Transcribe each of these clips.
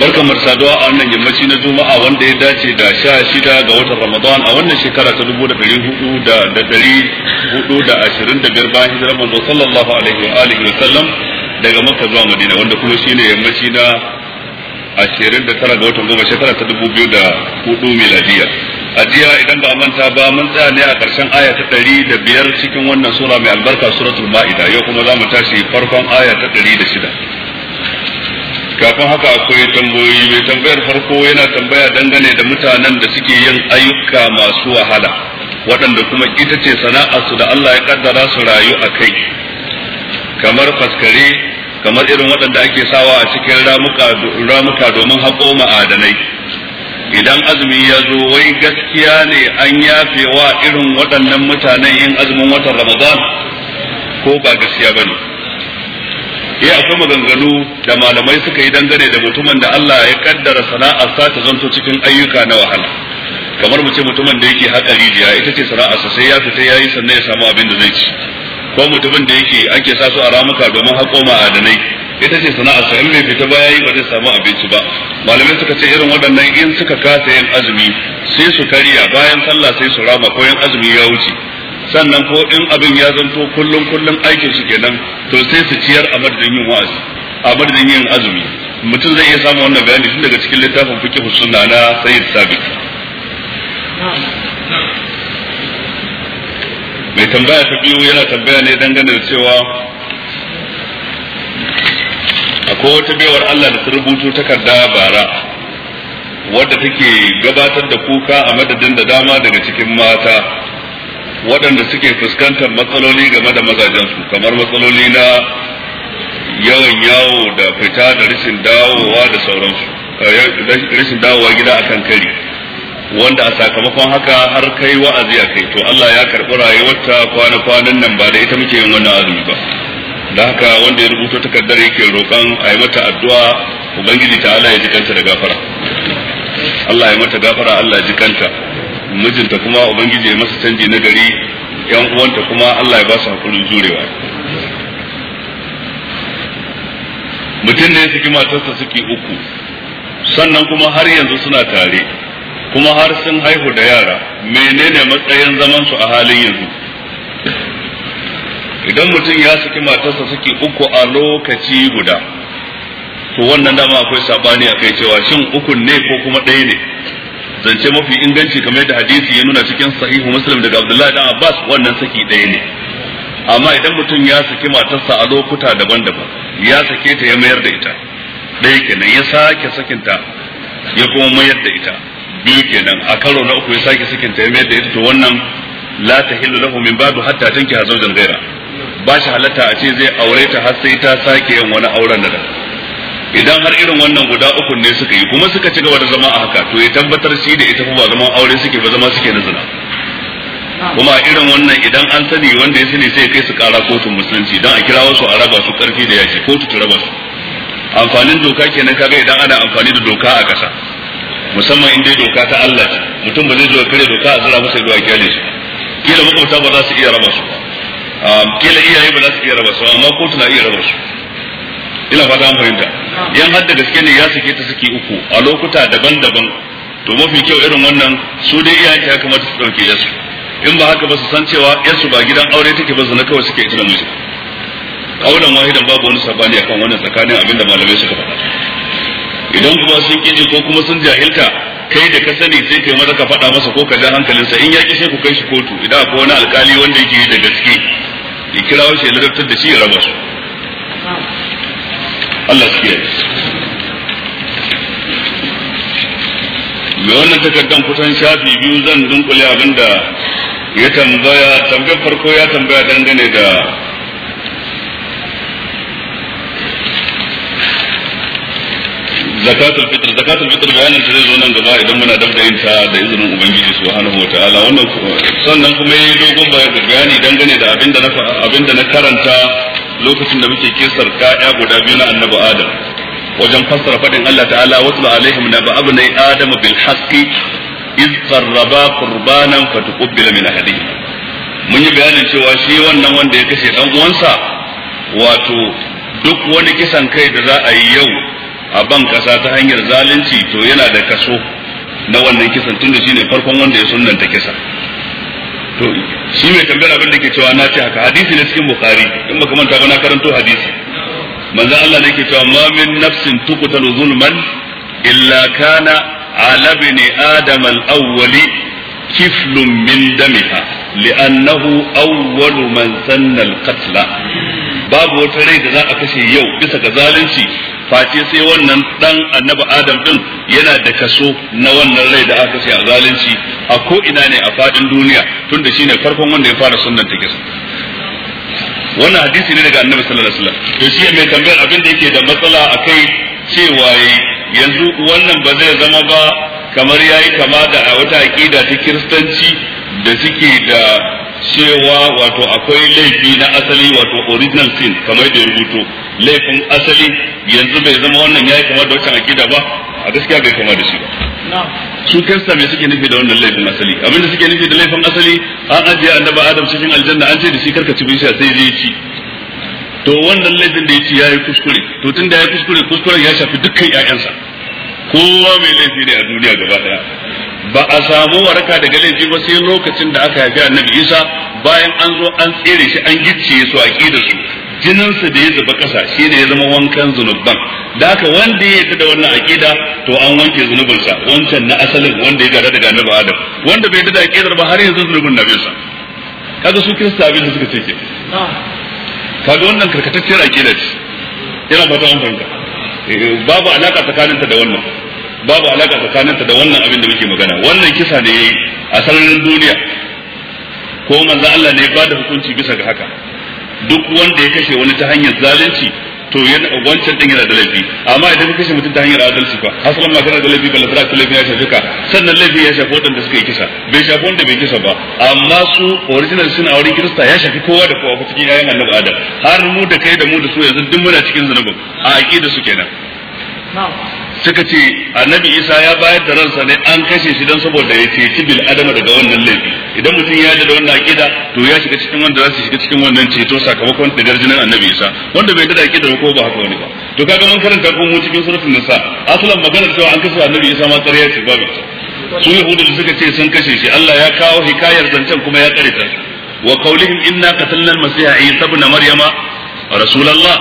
barkan mu a wannan yammaci na juma'a wanda ya dace da sha shida ga watan ramadan a wannan shekara ta dubu da dari hudu da dari hudu da ashirin da biyar bayan hijirar manzo sallallahu alaihi wa alihi wa sallam daga makka zuwa madina wanda kuma shine yammaci na ashirin da tara ga watan goma shekara ta dubu biyu da hudu miladiya a jiya idan ba manta ba mun tsaya ne a ƙarshen aya ta ɗari da biyar cikin wannan sura mai albarka suratul ma'ida yau kuma za mu tashi farkon aya ta ɗari da shida kafin haka akwai tambayoyi mai tambayar farko yana tambaya dangane da mutanen da suke yin ayyuka masu wahala waɗanda kuma ita ce su da Allah ya kaddara su rayu a kai kamar faskare kamar irin waɗanda ake sawa a cikin ramuka domin haƙo ma'adanai idan azumi ya zo wai gaskiya ne an yafe wa irin waɗannan mutanen yin azumin watan ramadan ko ba gaskiya ba ne ya akwai maganganu da malamai suka yi dangane da mutumin da Allah ya kaddara sa ta zanto cikin ayyuka na wahala kamar mu ce mutumin da yake haƙa rijiya ita ce sa sai ya fita yayi sannan ya samu abin da zai ci ko mutumin da yake ake sa su a ramuka domin haƙo ma'adanai ita ce sa in bai fita ba yayi ba zai samu abinci ba malamai suka ce irin waɗannan in suka kasa yin azumi sai su karya bayan sallah sai su rama ko yin azumi ya wuce sannan ko in abin ya zanto kullum kullum aikin su kenan to sai su ciyar a madadin yin wa'azi a madadin yin azumi mutum zai iya samu wannan bayani tun daga cikin littafin fiqh sunna na sayyid mai tambaya ta biyu yana tambaya ne dangane da cewa akwai wata baiwar Allah da ta rubuto takarda bara wadda take gabatar da kuka a madadin da dama daga cikin mata waɗanda suke fuskantar matsaloli game da mazajensu kamar matsaloli na yawan yawo da fita da rashin dawowa da sauransu eh, rashin dawowa gida akan kari wanda a sakamakon haka har kai wa'azi a kai to Allah ya karɓi rayuwarta kwana-kwanan nan ba da ita muke yin wannan azumi ba da haka wanda ya rubuto takardar yake roƙon a yi mata addu'a ubangiji ta Allah ya ji kanta da gafara Allah ya mata gafara Allah ya ji kanta mijinta kuma ubangiji ya masa canji na gari yan uwanta kuma Allah ya ba su hakurin jurewa mutum ne ya matarsa suke uku sannan kuma har yanzu suna tare kuma har sun haihu da yara menene matsayin zaman su a halin yanzu idan mutum ya saki matarsa suke uku a lokaci guda to wannan dama akwai sabani kai cewa shin ukun ne ko kuma ɗaya ne zance mafi inganci kamar da hadisi ya nuna cikin sahihu muslim daga abdullahi dan abbas wannan saki ɗaya ne amma idan mutum ya saki matarsa a lokuta daban-daban ya sake ta ya mayar da ita ɗaya kenan ya sake sakinta ya kuma mayar da ita biyu kenan a karo na uku ya sake sakinta ya mayar da ita to wannan la ta tahillu lahu min ba'du hatta tanki hazaujan ghaira ba shi halatta a ce zai aure ta har sai ta sake yin wani auren da idan har irin wannan guda uku ne suka yi kuma suka ci gaba da zama a haka to ya tabbatar shi da ita ba zaman aure suke ba zama suke na zina kuma irin wannan idan an sani wanda ya sani sai kai su kara kotun musulunci dan a kira wasu a raba su karfi da yaki kotu ta raba su amfanin doka kenan kaga idan ana amfani da doka a kasa musamman in dai doka ta Allah ce mutum ba zai zo kare doka a zira masa doka kyale su kila makwabta ba za su iya raba su um, kila iyaye ba za su iya raba su amma kotu na iya raba su ina fata an fahimta yan hadda gaske ne ya sake ta suke uku a lokuta daban-daban to mafi kyau irin wannan su dai iya ya kamata su dauke yasu in ba haka ba su san cewa yasu ba gidan aure take ba na kawai suke ita da miji kaulan wahidan babu wani sabani akan wannan tsakanin abinda malamai suka faɗa idan kuma sun kiji ko kuma sun jahilta kai da ka sani sai kai maza ka faɗa masa ko ka ja hankalinsa in ya ki sai ku kai shi kotu idan akwai wani alkali wanda yake da gaske ya kirawo shi ya ladabtar da shi ya raba su Allah shi ya yi. wannan takardar kusan shafi biyu zan dunkule abin da ya tambaya tambayar farko ya tambaya dangane da zakatul fitr zakatul fitr bayanin da zai zo nan gaba idan muna dabda yin ta da izinin ubangiji subhanahu wa ta'ala wannan sannan kuma yayi dogon bayani dangane da abinda na abinda na karanta lokacin da muke kisar kaya guda biyu na annabi adam wajen fassara faɗin Allah ta'ala watlu alaihim na ba'abu na adam bil haqqi iz qarraba qurbanan fatuqbila min ahadi mun yi bayanin cewa shi wannan wanda ya kashe dan uwansa wato duk wani kisan kai da za a yi yau a ban kasa ta hanyar zalunci to yana da kaso na wannan kisan tunda shine farkon wanda ya sunnanta kisa to shi mai tambayar abin da ke cewa na ce haka hadisi ne cikin bukari in baka manta ba na karanto hadisi manzon Allah ne ke cewa ma min nafsin tuqtalu zulman illa kana ala ibn adam al-awwali kiflun min damiha li'annahu awwalu man sanna al-qatla babu wata rai da za a kashe yau bisa ga zalunci face sai wannan dan annabi adam din yana da kaso na wannan rai da aka sai a zalunci a ko ina ne a fadin duniya tunda shine farkon wanda ya fara sunnan take wannan hadisi ne daga annabi sallallahu alaihi wasallam to shi mai tambayar abin da yake da matsala akai cewa yanzu wannan ba zai zama ba kamar yayi kama da a wata aqida ta kiristanci da suke da cewa wato akwai laifi na asali wato original sin kamar da ya rubuto laifin asali yanzu bai zama wannan yayi kamar da wancan akida ba a gaskiya bai kama da shi ba su kansa me suke nufi da wannan laifin asali abinda suke nufi da laifin asali an ajiye annaba adam cikin aljanna an ce da shi karka ci bishiya sai zai ci to wannan laifin da ya ci yayi kuskure to tunda yayi kuskure kuskuren ya shafi dukkan ƴaƴansa kowa mai laifi ne a duniya gaba daya ba a samu waraka daga laifi ba sai lokacin da aka haifi annabi isa bayan an zo an tsere shi an gicciye su a da su jininsa da ya zuba ƙasa shi ne ya zama wankan zunuban da aka wanda ya yarda da wannan aƙida to an wanke zunubinsa wancan na asalin wanda ya gada daga annabi adam wanda bai dada da aƙidar ba har yanzu zunubin na bisa kaga su kirista abin da suka ce ke kaga wannan karkatacciyar aƙida ce yana fata an fahimta eh, babu alaka tsakaninta da wannan babu alaka tsakanin ta da wannan abin da muke magana wannan kisa ne a sararin duniya ko manzo Allah ne ba da hukunci bisa ga haka duk wanda ya kashe wani ta hanyar zalunci to yana wancan din yana da laifi amma idan ka kashe mutum ta hanyar adalci fa hasalan ma kana da laifi balla tara ka laifi ya shafi ka sannan laifi ya shafi wanda suka yi kisa bai shafi wanda bai kisa ba amma su original sun a wurin kirista ya shafi kowa da kowa cikin yayin annabi adam har mu da kai da mu da su yanzu duk muna cikin zanubin a aqida su kenan suka ce annabi isa ya bayar da ransa ne an kashe shi don saboda ya ceci bil adama daga wannan laifi idan mutum ya da wannan akida to ya shiga cikin wanda za su shiga cikin wannan ceto sakamakon da jinin annabi isa wanda bai da akida ko ba haka wani ba to kaga mun karanta ko mu cikin suratul nisa asalan maganar cewa an kashe annabi isa ma ƙarya ce babu su yahudu suka ce sun kashe shi Allah ya kawo hikayar zancen kuma ya karita wa qaulihim inna qatalna al-masiha isa ibn maryama rasulullah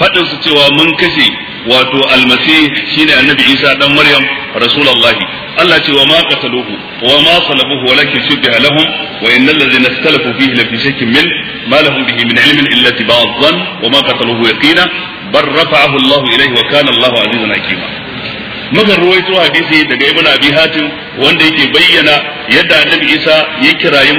fadin su cewa mun kashe wato almasih shine annabi isa dan maryam rasulullahi Allah ce wa ma qataluhu wa ma salabuhu walakin shubbiha lahum wa innal ladzina ikhtalafu fihi la fi shakkin min ma lahum bihi min ilmin illa tibaa dhann wa ma qataluhu yaqina bal rafa'ahu Allah ilayhi wa kana Allah azizan hakima mukan ruwaito hadisi daga ibn abi hatim wanda yake bayyana yadda annabi isa ya kirayi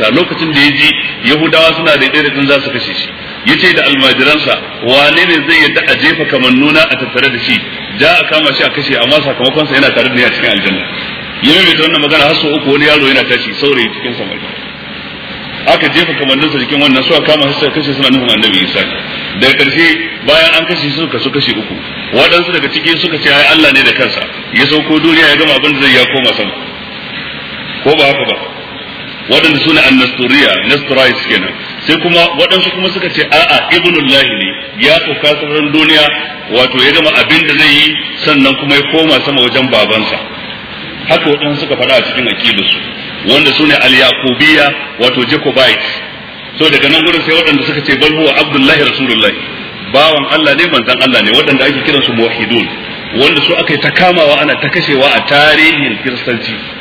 sa lokacin da ya ji yahudawa suna da irin za su kashe shi yace da almajiransa wane ne zai yadda a jefa nuna a tattare da shi ja a kama shi a kashe amma sakamakon sa yana tare da ni a cikin aljanna yana mai wannan magana har uku wani yaro yana tashi saurayi cikin samari aka jefa kamannin sa cikin wannan suka kama su kashe suna nufin annabi Isa daga karshe bayan an kashe su suka su kashe uku waɗansu daga ciki suka ce ai Allah ne da kansa ya sauko duniya ya gama abin da zai ya koma sama ko ba haka ba waɗanda suna annasturiya nasturais kenan sai kuma waɗansu kuma suka ce a'a ibnullahi ne ya sauka sauran duniya wato ya gama abin da zai yi sannan kuma ya koma sama wajen babansa haka waɗansu suka faɗa a cikin aqidarsu wanda su ne al-yaqubiyya wato Jacobite. so daga nan gurin sai waɗanda suka ce bal huwa abdullahi rasulullahi bawan Allah ne manzon Allah ne waɗanda ake kiransu muwahhidun wanda su aka yi ta kamawa ana ta kashewa a tarihin kiristanci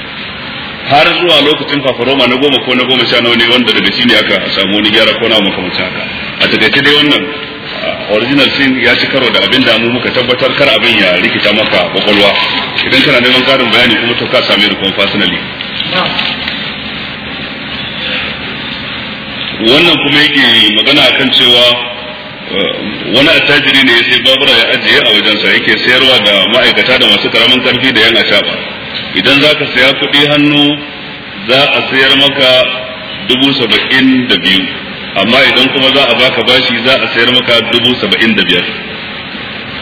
har zuwa lokacin fafaroma na goma ko na goma sha nawa ne wanda daga shi ne aka samu wani gyara ko na makamancin haka a takaice dai wannan ah, original sin ya ci karo da abin da mu muka tabbatar kar abin ya rikita maka kwakwalwa idan kana neman karin bayani kuma to ka same ni kuma personally wannan kuma yake magana a kan cewa eh, wani attajiri ne ya sai babura ya ajiye a wajensa yake sayarwa da ma'aikata da masu karamin karfi da yan ashaba idan za ka saya kuɗi hannu za a sayar maka dubu saba'in da biyu amma idan kuma za a baka bashi za a sayar maka dubu saba'in da biyar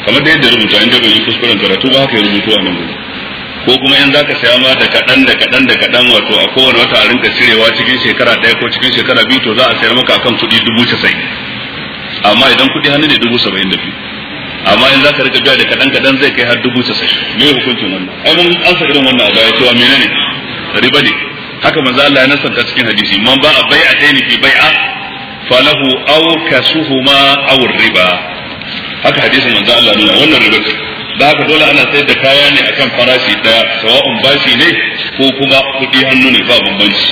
kamar da yadda rubuta inda bai yi kuskuren karatu ba haka ya rubutu a nan gudu ko kuma in zaka saya ma da kaɗan da kaɗan da kaɗan wato a kowane wata a rinka cirewa cikin shekara ɗaya ko cikin shekara biyu to za a sayar maka akan kuɗi dubu casa'in amma idan kuɗi hannu ne dubu saba'in da biyu amma in za ka rika biya da kaɗan kaɗan zai kai har dubu casa'in me hukuncin wannan ai mun ansa irin wannan a baya cewa menene riba ne haka manzo Allah ya nasanta cikin hadisi man ba a bai'a tayni fi bai'a falahu aw kasuhuma aw riba haka hadisin manzo Allah nuna wannan riba ce da haka dole ana sayar da kaya ne akan farashi daya sawa'un bashi ne ko kuma kudi hannu ne ba bambanci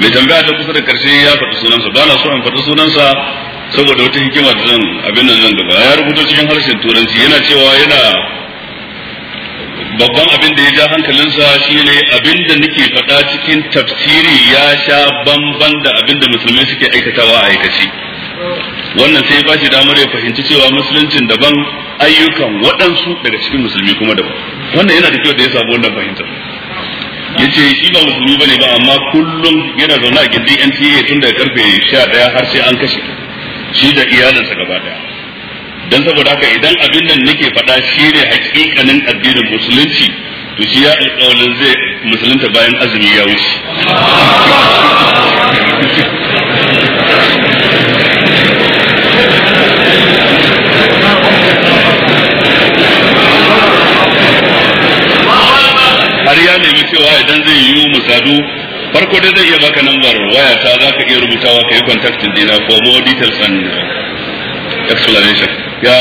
mai tambaya ta kusa da karshe ya faɗi sunansa ba na so in faɗi sunansa saboda wata hikima da zan abin nan zan gaba ya rubuta cikin harshen turanci yana cewa yana babban abin da ya ja hankalinsa ne abin da nake faɗa cikin tafsiri ya sha bamban da abin da musulmai suke aikatawa a aikaci wannan sai ba shi damar ya fahimci cewa musuluncin daban ayyukan waɗansu daga cikin musulmi kuma daban wannan yana da kyau da ya samu wannan fahimtar ya ce shi ba musulmi ba ne ba amma kullum yana zaune a gindin NTA tun daga karfe sha 11 har sai an kashe shi da iyalinsa gaba daya dan saboda haka idan abin nan nake faɗa shi ne hakikanin addinin musulunci to shi ya alƙawalin zai musulunta bayan azumi ya wuce har ya nemi cewa idan zai yi musadu farko dai zai iya baka lambar waya ta za ka iya rubutawa ka yi contacting dina for more details and explanation ya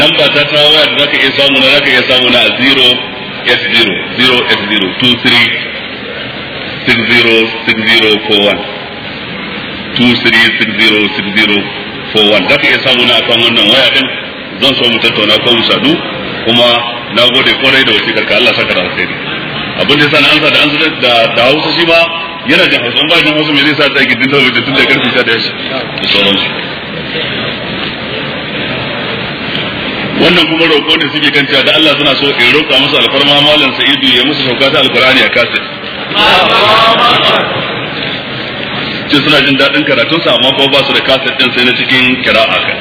namba ta ta waya da za ka iya samu na za ka iya samu na 0 0 0 s 080 0 23 606041 23606041 zaka iya samu na akan wannan waya din zan so mu tattauna ko mu sadu kuma na gode kwarai da wasu karka Allah saka da alheri abin da yasa na ansa da an zuba da da Hausa shi ba yana da Hausa ba da Hausa me zai sa ta gidin tauri da tunda karfi ta da shi da sauransu wannan kuma roƙo ne suke cewa da Allah suna so in roƙa musu alfarma malam Sa'idu ya musu sauka ta alqur'ani a kaset ce suna jin daɗin sa amma kuma ba su da kaset ɗin sai na cikin kira'a kai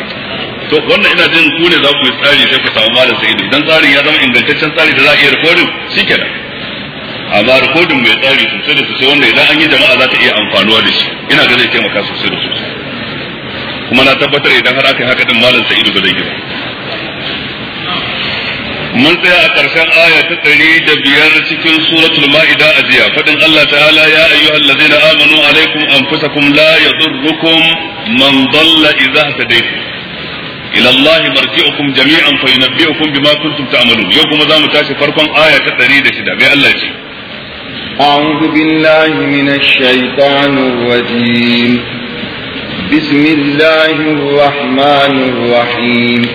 to wannan ina jin ku ne za ku yi tsari sai ku samu malam saidu idan tsarin ya zama ingantaccen tsari da za a iya rikodin shikenan amma rikodin mai tsari sosai da sosai wanda idan an yi jama'a za ta iya amfanuwa da shi ina ga zai taimaka sosai da sosai kuma na tabbatar idan har aka yi haka din malam sa'idu ba zai gina mun tsaya a ƙarshen aya ta ɗari da biyar cikin suratul ma'ida a jiya faɗin Allah ta'ala ya ayyuhal ladzina amanu alaikum an anfusakum la yadurrukum man dalla idza hadaytum ila Allah marji'ukum jami'an fa yunabbi'ukum bima kuntum ta'malun yau kuma za mu tashi farkon aya ta shida bai Allah ce أعوذ بالله من الشيطان الرجيم بسم الله الرحمن الرحيم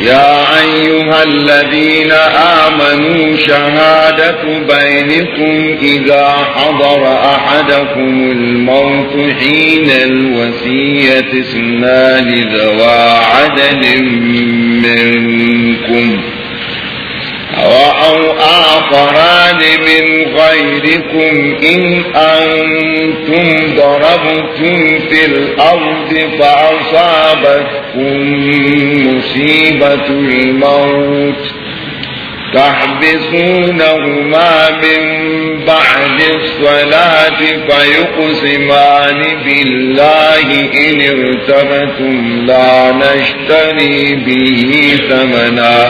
يا أيها الذين آمنوا شهادة بينكم إذا حضر أحدكم الموت حين الوصية اثنان ذوى عدل منكم ورأوا آخران من غيركم إن أنتم ضربتم في الأرض فأصابتكم مصيبة الموت تحبسونهما من بعد الصلاة فيقسمان بالله إن ارتبتم لا نشتري به ثمنا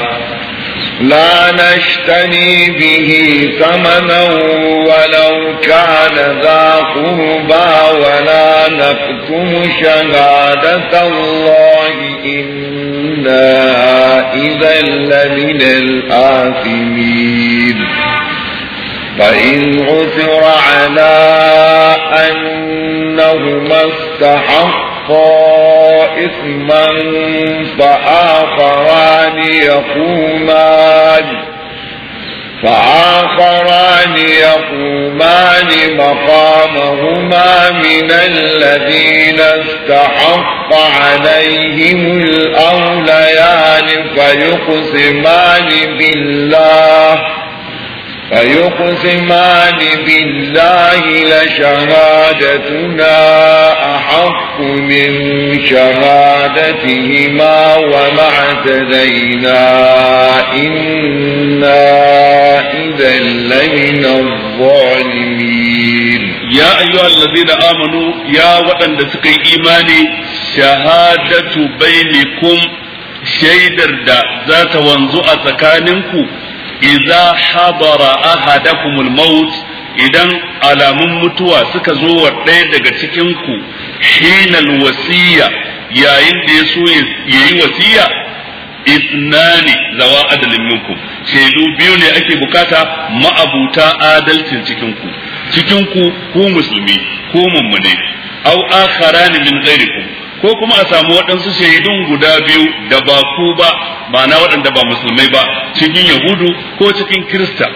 لا نشتري به ثمنا ولو كان ذا قربى ولا نكتم شهادة الله إنا إذا لمن الآثمين فإن عثر على أنهما استحقوا إثما فآخران يقومان فآخران يقومان مقامهما من الذين استحق عليهم الأوليان فيقسمان بالله فيقسمان بالله لشهادتنا أحق من شهادتهما وما اعتدينا إنا إذا لمن الظالمين يا أيها الذين آمنوا يا وطن لسقي إيماني شهادة بينكم شيدر دا ذات وانزوء wanzu Iza habara ahadakumul maut idan alamun mutuwa suka zo wa ɗaya daga cikin ku hinal wasiya yayin da ya so yayi wasiya isnani zawa adalin minku shaidu biyu ne ake bukata ma'abuta adalcin cikin ku cikin ku ku musulmi ko mummune au akharani min ghairikum ko kuma a samu waɗansu shaidun guda biyu da ba ku ba ba na waɗanda ba musulmai ba cikin yahudu ko cikin kirista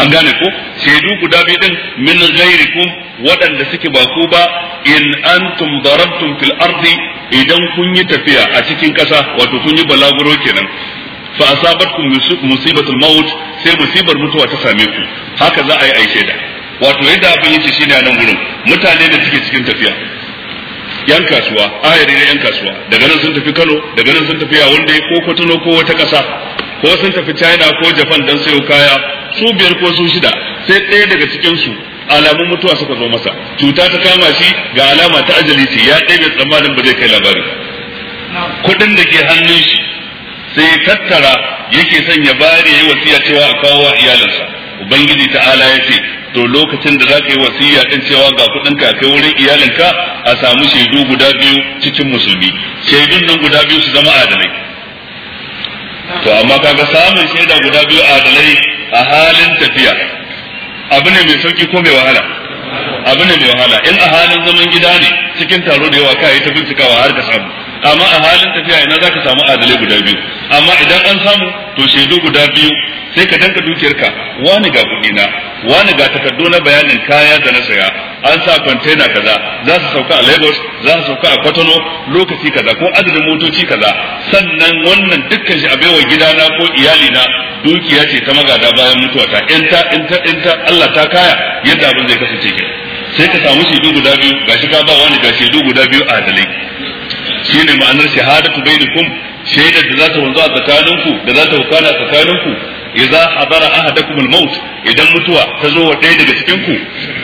an gane ko shaidu guda biyu din min ghairikum waɗanda suke ba ku ba in antum darabtum fil ardi idan kun yi tafiya a cikin ƙasa wato kun yi balaguro kenan fa asabatkum musibatul maut sai musibar mutuwa ta same ku haka za a yi aishe wato yadda abin yake shine a nan gurin mutane da suke cikin tafiya yan kasuwa ayari na yan kasuwa daga nan sun tafi Kano daga nan sun tafi dai ko kwatano ko wata ƙasa ko sun tafi China ko Japan dan sayo kaya su biyar ko su shida sai ɗaya daga cikin su alamun mutuwa suka zo masa cuta ta kama shi ga alama ta ajali ce ya ɗaya bai tsammanin ba zai kai labari kuɗin da ke hannun shi sai tattara yake son ya bari yayi wasiya cewa a kawo wa iyalinsa ubangiji ta'ala ya ce to lokacin da za ka yi wasiya ɗin cewa ga kuɗin ka kai wurin iyalinka a samu shaidu guda biyu cikin musulmi shaidun nan guda biyu su zama adalai to amma kaga samun shaida guda biyu adalai a halin tafiya abu ne mai sauki ko mai wahala abu ne mai wahala in a halin zaman gida ne cikin taro da yawa ka yi ta bincikawa har ka samu amma a halin tafiya ina zaka samu adalai guda biyu amma idan an samu to shaidu guda biyu sai ka danka dukiyarka wani ga kuɗi na wani ga takardu na bayanin kaya da na saya an sa container kaza za su sauka a Lagos za su sauka a Kwatano lokaci kaza ko adadin motoci kaza sannan wannan dukkan shi a baiwa gidana ko iyali na dukiya ce ta magada bayan mutuwa ta in ta in Allah ta kaya yadda abin zai kasance ke sai ka samu shaidu guda biyu gashi ka ba wani ga shaidu guda biyu adalai Shi ne ma'anar shahadatu bainakum shaidar da za ta wanzu a tsakaninku da za ta wakana a tsakaninku idza hadara ahadakum al-maut idan mutuwa ta zo wa ɗaya daga cikin ku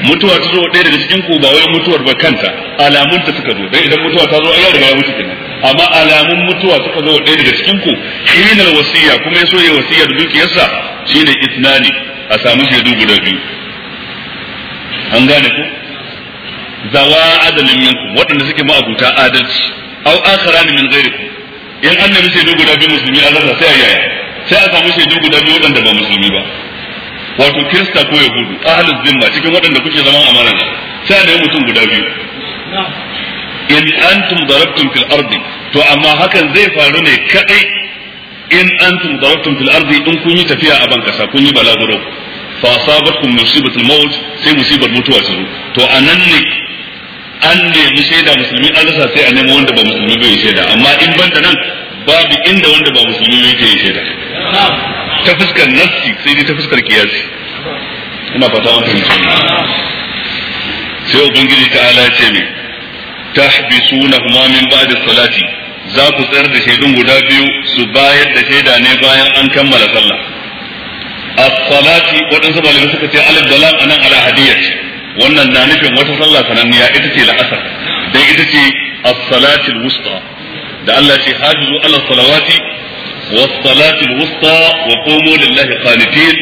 mutuwa ta zo wa ɗaya daga cikin ku ba wai mutuwar ba kanta alamun ta suka zo dai idan mutuwa ta zo ai riga ya mutu kenan amma alamun mutuwa suka zo wa ɗaya daga cikin ku hinal wasiya kuma yaso yayi wasiya da dukiyarsa shine itnani a samu shaidu guda biyu an gane ku zawa adalin yanku waɗanda suke ma'abuta adalci aw akharan min ghairikum in annabi sai duk guda biyu musulmi a zalla sai yaya sai a samu sai duk guda biyu wadanda ba musulmi ba wato kirista ko yahudu ahlul zimma cikin wadanda kuke zama amana da sai mutum guda biyu in antum darabtum fil ardi to amma hakan zai faru ne kaɗai in antum darabtum fil ardi in kun yi tafiya a ban kasa kun yi balaguro fa sai to ne an nemi shaida musulmi an rasa sai a nemi wanda ba musulmi bai shaida amma in banta nan babu inda wanda ba musulmi bai ke shaida ta fuskar nassi sai dai ta fuskar kiyasi ina fata an fahimta sai ubangiji ta ala ce ne kuma min da salati za ku tsayar da shaidun guda biyu su bayar da shaida ne bayan an kammala sallah as-salati wadansu malamai suka ce alif da anan ala hadiyyar. wannan na nufin wata sallah sananniya ita ce la'asar dai ita ce as-salatul wusta da Allah ce hajizu ala salawati was salatul wusta wa qumu lillahi qanitin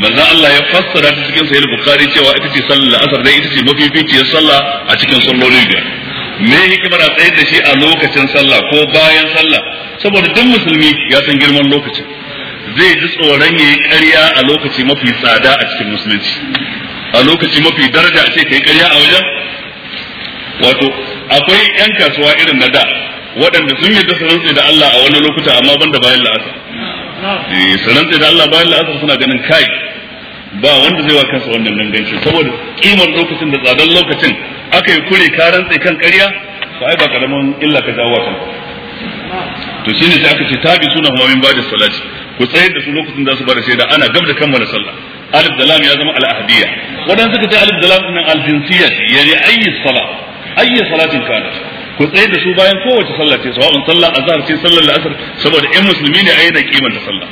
manzo Allah ya fassara ta cikin sahih bukhari cewa ita ce sallar la'asar dan ita ce mafificiyar sallah a cikin sallolin biyar me hikimar a tsayar da shi a lokacin sallah ko bayan sallah saboda duk musulmi ya san girman lokacin zai ji tsoron yayi ƙarya a lokaci mafi tsada a cikin musulunci a lokaci mafi daraja a ce kai ƙarya a wajen wato akwai yan kasuwa irin na da waɗanda sun yarda su da Allah a wani lokuta amma banda bayan la'asar eh, su rantse da Allah bayan la'asar suna ganin kai ba wanda zai wa kansa wannan danganci saboda kimar lokacin da tsadar lokacin aka yi kure ka rantse kan ƙarya ba ai ba karamin illa ka jawo kanka to shine sai aka ce tabi suna huwa min ba'da salati ku tsayar da su lokacin da su bada shaida ana gab da kammala sallah alif da lam ya zama al wadansu wadan suka ce alif da lam nan al jinsiyya yani ayi sala ayi salatin kana ku tsayar da su bayan kowace sallah ce sawa'un sallah azhar ce sallar la'asar saboda in musulmi ne ayi da kimanta sallah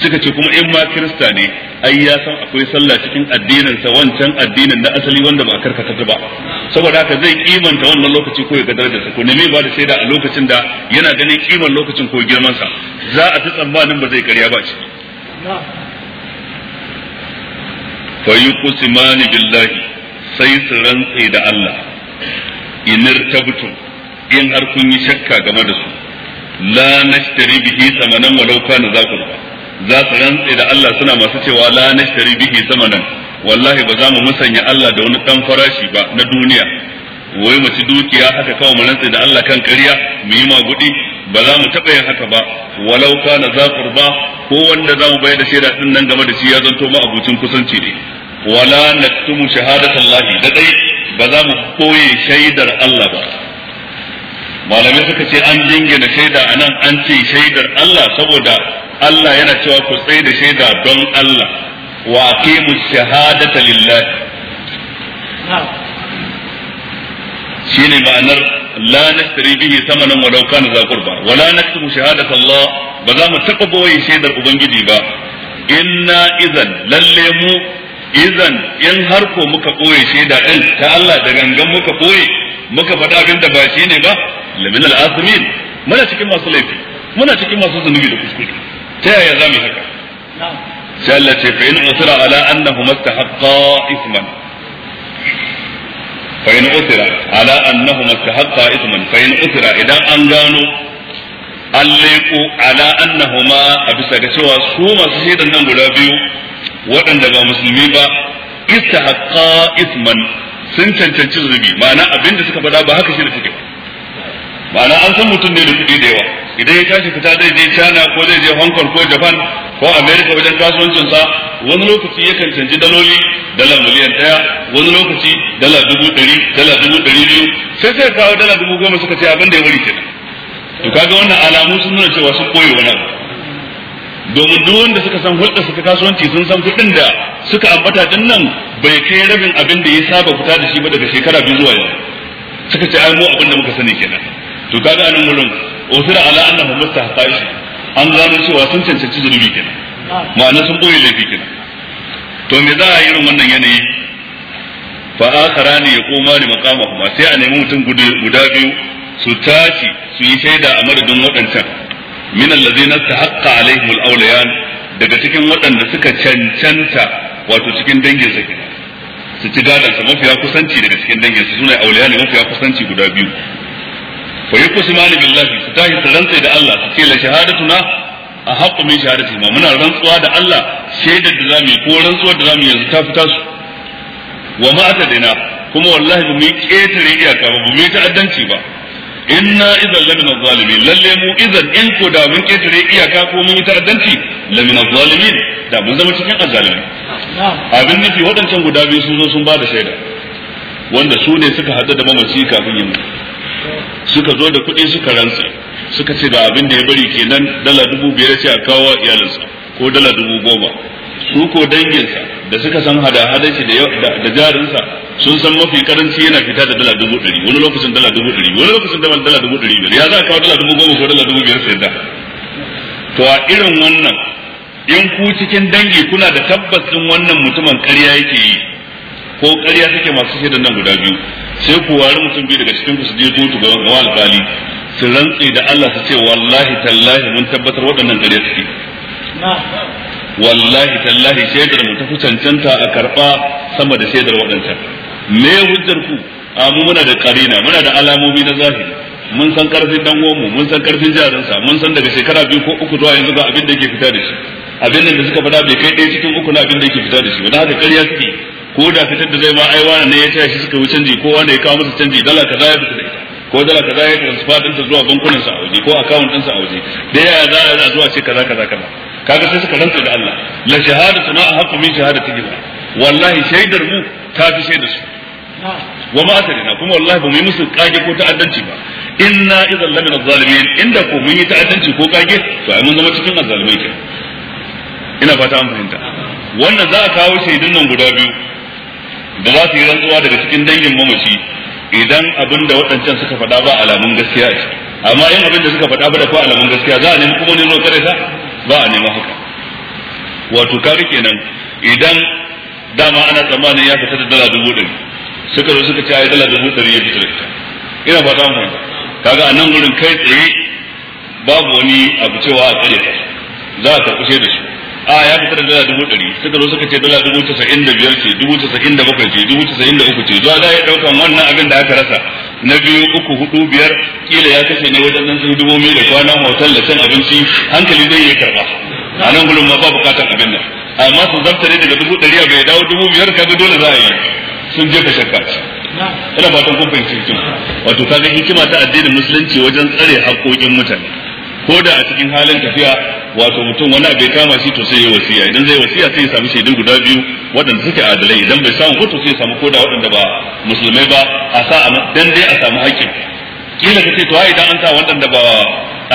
suka ce kuma in ma kirista ne ai ya san akwai sallah cikin addinin sa wancan addinin na asali wanda ba a karkata ta ba saboda haka zai kimanta wannan lokaci ko ya ga darajar sa ko ne ba da shaida a lokacin da yana ganin kiman lokacin ko girman sa za a ta tsammanin ba zai karya ba shi fa yuqsimani billahi sai su rantse da Allah inir tabtu in har kun yi shakka game da su la nashtari bihi samanan walau kana zakur ba za su rantse da Allah suna masu cewa la nashtari bihi zamanan wallahi ba za mu musanya Allah da wani dan farashi ba na duniya wai mu ci dukiya haka kawai mu rantse da Allah kan ƙarya mu yi magudi ba za mu taɓa yin haka ba walau kana za qurba ko wanda za mu bayar da shaida din nan game da shi ya zanto ma abucin kusanci ne wala naktumu shahadatallahi da dai ba za mu koye shaidar Allah ba malamai suka ce an dingina shaida anan an ce shaidar Allah saboda Allah yana cewa ku tsaye da shaida don Allah wa aqimu shahadata lillah shine ma'anar la nastari bihi thamanan walau kana za qurba wa la naktumu shahadata Allah ba za mu taba boye shaidar ubangiji ba inna idan lalle mu idan in har ko muka boye shaida din ta Allah da gangan muka boye muka faɗa abin da ba shi ne ba lamin al'asimin muna cikin masu laifi muna cikin masu zunubi da kuskure ta yaya za mu haka sai Allah ce fa in usira ala annahu mastahaqqa isman fa in usira ala annahu mastahaqqa isman fa usira idan an gano an leko ala annahuma a bisa ga cewa su masu shaidan nan guda biyu waɗanda ba musulmi ba istahaqqa isman sun cancanci zunubi ma'ana abinda suka faɗa ba haka shi da suke ma'ana an san mutum ne da kuɗi da yawa idan ya tashi fita zai je China ko zai je Hong Kong ko Japan ko America wajen kasuwancin sa wani lokaci yakan canji daloli dala miliyan ɗaya wani lokaci dala dubu ɗari dala dubu ɗari biyu sai sai kawo dala dubu goma suka ce abin da ya wuri kenan to kaga wannan alamu sun nuna cewa sun koyi wani abu domin duk wanda suka san hulɗa suka kasuwanci sun san kuɗin da suka ambata din nan bai kai rabin abin da ya saba fita da shi ba daga shekara biyu zuwa yanzu suka ce ai mu abin da muka sani kenan to kaga anan mulun usira ala annahu mustahqaish an gano cewa sun cancanci zulubi kenan ma'ana sun boye laifi kenan to me za a yi irin wannan yanayi fa akharani yaquma li kuma sai a nemi mutum guda biyu su tashi su yi shaida a madadin waɗancan min allazina tahaqqa alaihim al-awliyan daga cikin waɗanda suka cancanta wato cikin dangin sa su ci gadan sa mafiya kusanci daga cikin dangin su sunai auliya ne mafiya kusanci guda biyu fa yuqsimani billahi su tashi su rantsa da Allah su ce la shahadatuna a haƙƙu min shahadati ma muna rantsuwa da Allah shaidar da zamu ko rantsuwar da zamu yanzu ta fita su wa ma atadina kuma wallahi ba mu yi ƙetare iyaka ba ba mu yi ta'addanci ba inna idan lamina zalimin lalle mu idan in ko da mun ƙetare iyaka ko mun yi ta'addanci lamina zalimin da mun zama cikin azalimi abin nufi waɗancan guda biyu sun zo sun ba da shaida wanda su ne suka haɗu da mamaci kafin yin suka zo da kuɗi suka rantsa suka ce da abin da ya bari kenan dala dubu biyar ce a kawo iyalinsa ko dala dubu goma su ko danginsa da suka san hada hada shi da jarinsa sun san mafi karanci yana fita da dala dubu ɗari wani lokacin dala dubu ɗari wani lokacin dala dubu ɗari biyar ya za a kawo dala dubu goma ko dala dubu biyar sai da to a irin wannan in ku cikin dangi kuna da tabbas wannan mutumin ƙarya yake yi ko ƙarya take masu shaidan nan guda biyu sai ku wari mutum biyu daga cikin su je kotu ga wani alkali su rantse da Allah su ce wallahi tallahi mun tabbatar waɗannan ƙarya suke wallahi tallahi shaidar mu ta fi cancanta a karɓa sama da shaidar waɗancan me hujjar ku amma mu muna da karina muna da alamomi na zahiri mun san karfin dan uwanmu mun san karfin jarinsa mun san daga shekara biyu ko uku zuwa yanzu ga abin da yake fita da shi abin da suka faɗa bai kai ɗaya cikin uku na abin da yake fita da shi ba haka ƙarya suke ko da fitar da zai ma ai wani ne ya tashi shi suka wuce canji ko wanda ya kawo masa canji dala kaza ya fita da ita ko dala kaza ya transfer ta zuwa bankunan sa a waje ko account din a waje da ya za a zuwa ce kaza kaza kaza kaga sai suka rantsa da Allah la shahadatu na haqqu min jibril wallahi shaidar mu ta fi shaidar su wa ma atarina kuma wallahi ba mu yi musu kage ko ta'addanci ba inna idan lamin zalimin inda ko mun yi ta'addanci ko kage to ai mun zama cikin azzalimai ke ina fata an fahimta wannan za a kawo shaidun nan guda biyu da za su yi rantsuwa daga cikin dangin mamaci idan abin da waɗancan suka faɗa ba alamun gaskiya ce amma yin abin da suka faɗa ba da ko alamun gaskiya za a nemi kuma ne zuwa kare ta ba a nemi haka wato kare kenan idan dama ana tsammanin ya fita da dala dubu ɗari suka zo suka ce yi dala dubu ɗari ya fita ina fata mu kaga a nan gurin kai tsaye babu wani abu cewa a kare ta za a karɓi da shi a ya fitar da dala dubu ɗari suka zo suka ce dala dubu casa'in da biyar ce dubu casa'in da bakwai ce dubu casa'in da uku ce zuwa za ya ɗaukan wannan abin da aka rasa na biyu uku hudu biyar kila ya kashe ne wajen nan dubu mai da kwana hotel da cin abinci hankali zai iya karɓa a nan gudun ma ba bukatan abin nan amma su zartare daga dubu ɗari a bai dawo dubu biyar kaga dole za a yi sun je ka shakka ina fatan kun fahimci hikima wato kaga hikima ta addinin musulunci wajen tsare haƙoƙin mutane ko da a cikin halin tafiya wato mutum wani abu ya kama shi to sai ya wasiya idan zai wasiya sai ya samu shaidu guda biyu waɗanda suke adalai idan bai samu hutu sai ya samu koda waɗanda ba musulmai ba a sa a dan dai a samu hakkin kila ka ce to idan an sa waɗanda ba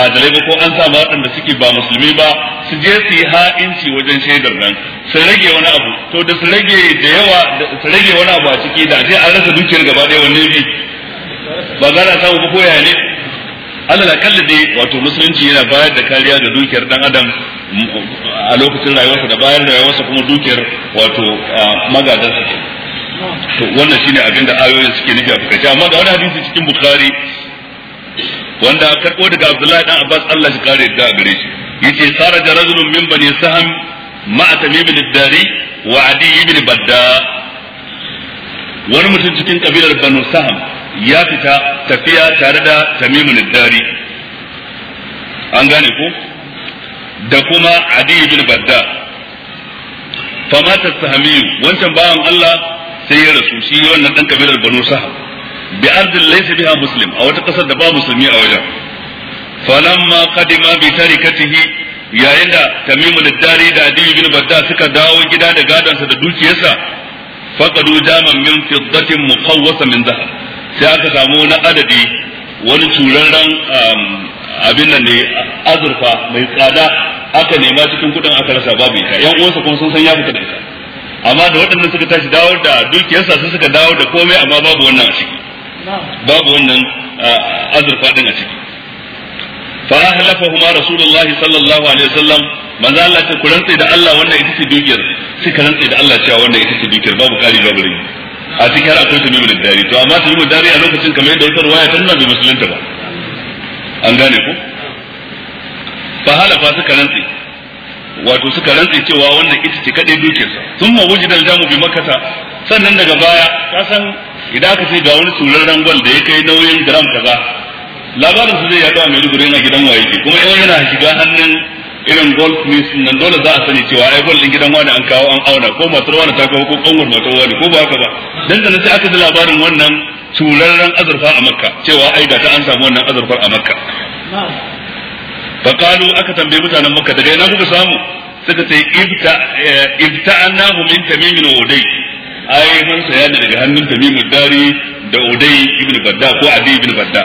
adalai ba ko an sa ma waɗanda suke ba musulmi ba su je su yi ha'inci wajen shaidar nan su rage wani abu to da su rage da yawa su rage wani abu a ciki da a ce an rasa dukiyar gaba ɗaya wanne bi ba za a samu ba ko ne Allah na kalli dai wato musulunci yana bayar da kariya da dukiyar dan adam a lokacin rayuwarsa da bayar da rayuwarsa kuma dukiyar wato magadansa to wannan shine abin da ayoyin suke nufi a fukace amma ga wani hadisi cikin bukhari wanda karbo daga abdullahi dan abbas Allah shi kare da gare shi yace da rajulun min bani saham ma'a tamim bin dari wa adi ibn badda wani mutum cikin kabilar banu saham ya fita tafiya tare da tamimun dari an gane ko da kuma adi bin badda famata sahamiyu wancan bawan Allah sai ya rasu shi wannan dan kabilar banu saha bi ardin laysa biha muslim a wata kasar da ba musulmi a wajen falamma qadima bi tarikatihi yayin da tamimu da dari da adiyu bin badda suka dawo gida da gadonsa da dukiyarsa faqadu jaman min fiddatin muqawwasa min zahab sai aka samu wani adadi wani turaren um, abin nan ne azurfa mai tsada aka nema cikin kudin aka rasa babu ita yan uwansa kuma sun san ya fita da ita amma da waɗannan suka tashi dawo da dukiyarsa sun suka dawo da komai amma babu wannan a ciki babu wannan uh, azurfa din a ciki fa ahlafahuma rasulullahi sallallahu alaihi wasallam manzo Allah ta ku rantsa da Allah wannan ita ce dukiyar suka rantsa da Allah cewa wannan ita ce dukiyar babu kari babu rigi a cikin har akwai tamimu da dari to amma tamimu dari a lokacin kamar yadda wata ruwaya ta nuna bai musulunta ba an gane ku fa halafa suka rantsi wato suka rantsi cewa wannan ita ce kadai dukiyarsa ma wuji al jamu bi makata sannan daga baya ka san idan aka ce ga wani surar gwal da ya kai nauyin gram kaza labarin su zai yaɗo a Maiduguri na gidan waye kuma in yana shiga hannun irin golf smith nan dole za a sani cewa ai gold din gidan wani an kawo an auna ko matar wani ta kawo ko kanwar matar wani ko ba haka ba dan da sai aka ji labarin wannan turarren azurfa a makka cewa ai ga ta an samu wannan azurfar a makka faqalu aka tambaye mutanen makka daga ina kuka samu suka ce ibta eh, annahu min tamimin udai ai mun saya ne daga hannun tamim dari da udai ibn badda ko adi ibnu badda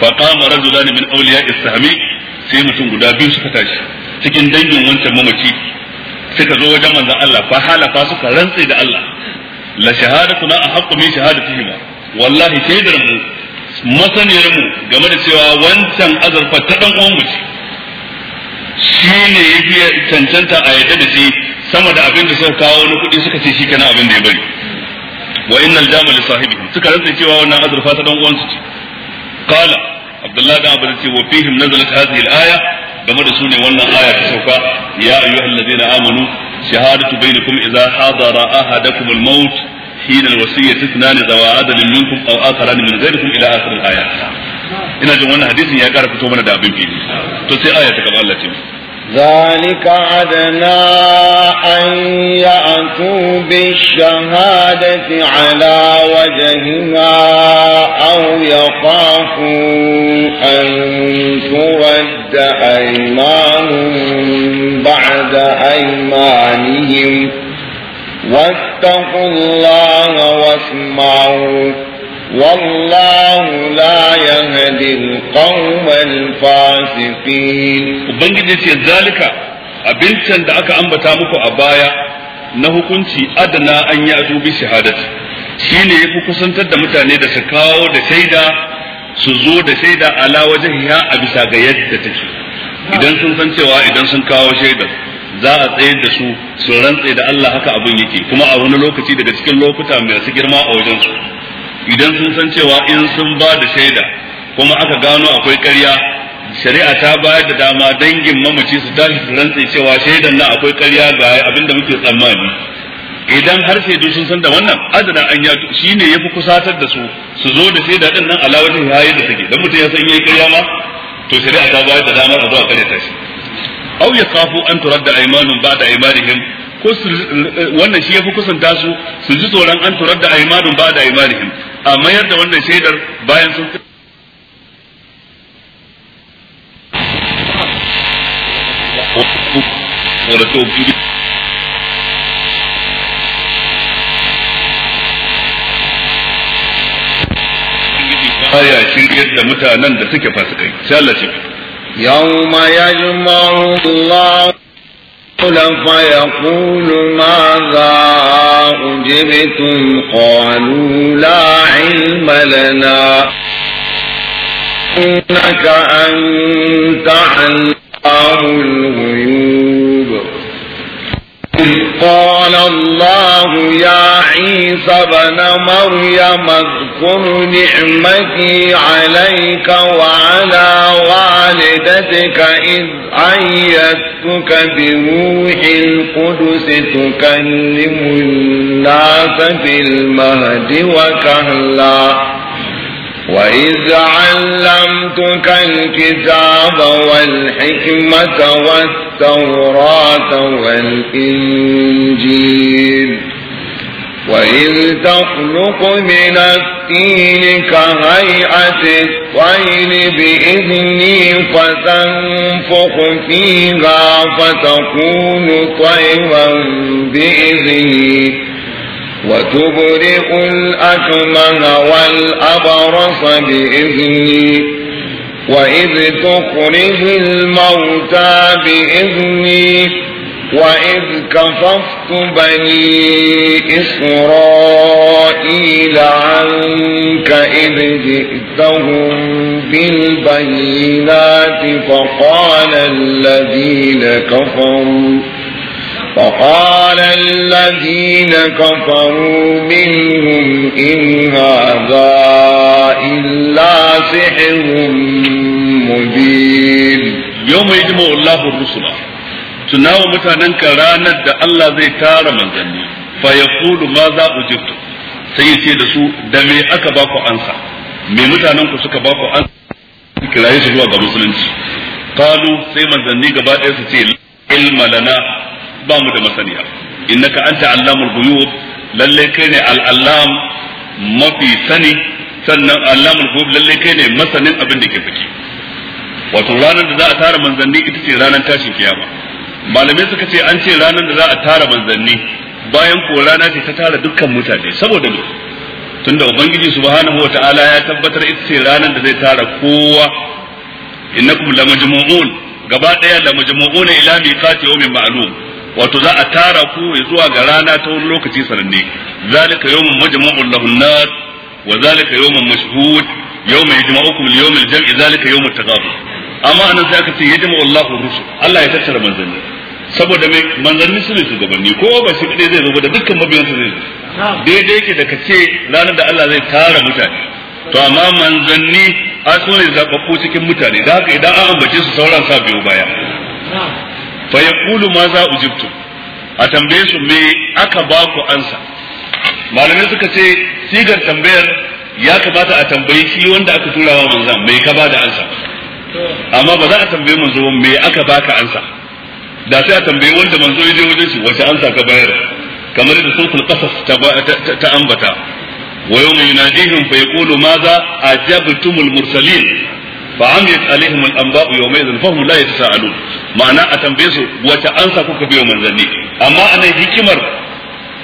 فقام رجلان من اولياء sahmi sai mutum guda biyu suka tashi cikin dangin wancan mamaci suka zo wajen manzon Allah fa halafa suka rantse da Allah la shahadatuna ahaqqu min shahadatihim wallahi shaidar mu masaniyar mu game da cewa wancan azurfa ta dan uwan mu ce shi ne ya fi cancanta a yadda da shi sama da abin da suka kawo na kuɗi suka ce shi kana abin da ya bari wa innal jama li sahibi suka rantsa cewa wannan azurfa ta dan uwansu ce qala abdullahi dan abu ce wa fihim nazalat hadhihi al-aya game da su ne wannan aya ta sauka ya na amanu shahadatu bainakum idza hadara ahadakum al-maut hina al-wasiyyah ithnan zawa adalin minkum aw akharan min ghayrikum ila akhir al-aya ina jin wannan hadisin ya kara fito mana da abin fili to sai aya ta gaba Allah ce ذلك عدنا أن يأتوا بالشهادة على وجهها أو يخافوا أن ترد أيمان بعد أيمانهم واتقوا الله واسمعوا والله لا يهدي القوم الفاسقين ubangiji ce zalika abincin da aka ambata muku a baya na hukunci adana an yi adubi shahadati shine yafi kusantar da mutane da su kawo da shaida su zo da shaida ala wajhiha a bisa ga yadda take idan sun san cewa idan sun kawo shaida, za a tsayar da su su rantse da Allah haka abin yake kuma a wani lokaci daga cikin lokuta masu girma a wajen su idan sun san cewa in sun ba da shaida kuma aka gano akwai ƙarya shari'a ta bayar da dama dangin mamaci su tashi su rantse cewa shaidan nan akwai ƙarya ga abin da muke tsammani idan har shaidu sun san da wannan adana an ya shi ne ya fi kusatar da su su zo da shaida din nan alawatin ya da take dan mutum ya san yayi ƙarya ma to shari'a ta bayar da damar a zo a ta shi aw yakhafu an turadda aymanun ba'da aymanihim ko wannan shi yafi kusanta su su ji tsoron an turar da aimanun ba da aimanihim a mayar da wannan shaidar bayan sun baya Ya da mutanen da suke fasikai Allah ce Allah الرسل فيقول ماذا أجبتم قالوا لا علم لنا إنك أنت علام الغيوب قال الله يا عيسى بن مريم اذكر نعمتي عليك وعلى والدتك إذ أيدتك بروح القدس تكلم الناس في المهد وكهلا وإذ علمتك الكتاب والحكمة والتوراة والإنجيل وإذ تخلق من الطين كهيئة الطير بإذني فتنفخ فيها فتكون طيرا بإذني وتبرئ الأكمه والأبرص بإذني وإذ تخرج الموتى بإذني وإذ كففت بني إسرائيل عنك إذ جئتهم بالبينات فقال الذين كفروا فقال الذين كفروا منهم إن هذا إلا سحر مبين يوم يجمع الله الرسل tunawa mutanenka ranar da Allah zai tara manzanni fa yaqulu ma za ujibtu sai yace da su da me aka ba ku me mutanen suka baku ku ansa kiraye su zuwa ga musulunci qalu sai manzanni gaba ɗaya su ce ilma lana ba mu da masaniya innaka anta allamul ghuyub lalle kai ne al-allam mafi sani sannan allamul ghuyub lalle kai ne masanin abin da ke fiki wato ranar da za a tara manzanni ita ce ranar tashin kiyama malamai suka ce an ce ranar da za a tara manzanni bayan ko rana ce ta tara dukkan mutane saboda me tunda ubangiji subhanahu wataala ya tabbatar ita ce ranar da zai tara kowa innakum lamajmu'un gaba daya lamajmu'una ila miqati yawmin ma'lum wato za a tara ku zuwa ga rana ta wani lokaci sananne zalika yawmun majmu'ul lahun nas wa zalika yawmun mashhud yawma yajma'ukum li yawmil jam'i zalika yawmut tagabun amma anan sai aka ce yajma'u Allahu rusul Allah ya tattara manzanni saboda mai manzanni su ne shugabanni ko ba shi kadai zai zo ba da dukkan mabiyan su zai zo daidai yake da kace ranar da Allah zai tara mutane to amma manzanni a su ne zababbu cikin mutane da haka idan an ambace su sauran sa biyu baya fa yaqulu ma za ujibtu a tambaye su me aka ba ku ansa malamai suka ce sigar tambayar ya kamata a tambayi shi wanda aka tura wa manzan me ka ba da ansa amma ba za a tambaye manzo me aka baka ansa da sai a tambaye wanda manzo ya je wajen shi wace ansa ka bayar kamar da sulhul qasas ta ambata wa yawma yunadihim fa yaqulu madha ajabtumul mursalin fa amiyat alaihim al anba'u yawma idhin fahum la yatasaalun ma'ana a tambaye su wace ansa kuka biyo manzanni amma anan hikimar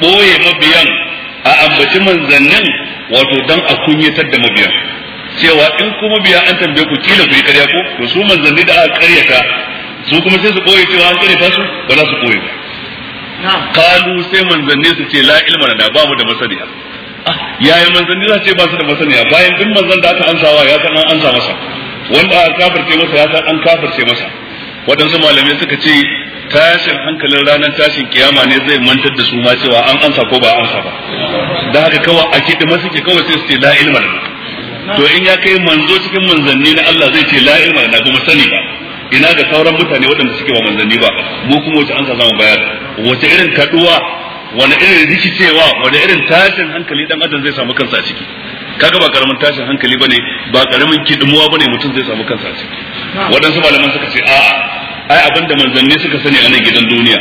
boye mabiyan a ambaci manzannin wato dan a kunyatar da mabiyan cewa in ku mabiya an tambaye ku kila ku yi karya ko to su manzanni da aka karyata su kuma sai su boye cewa an karyata su ba za su boye ba kalu sai manzanni su ce la ilma na ba mu da masaniya Yaya manzanni za ce ba su da masaniya bayan duk manzan da aka ansawa ya san an ansa masa wanda aka kafirce masa ya san an kafirce masa waɗansu malamai suka ce tashin hankalin ranar tashin kiyama ne zai mantar da su ma cewa an amsa ko ba amsa ba da haka kawai a kiɗi masu ke kawai sai su ce la ilmar to in ya kai manzo cikin manzanni na Allah zai ce la ilmar na kuma sani ba ina ga sauran mutane waɗanda suke ba manzanni ba mu kuma wace ansa zamu bayar wace irin kaduwa wani irin rikicewa wani irin tashin hankali dan adam zai samu kansa a ciki kaga ba karamin tashin hankali bane ba karamin kidimuwa bane mutum zai samu kansa a ciki waɗansu malaman suka ce a'a ai abin da manzanni suka sani a nan gidan duniya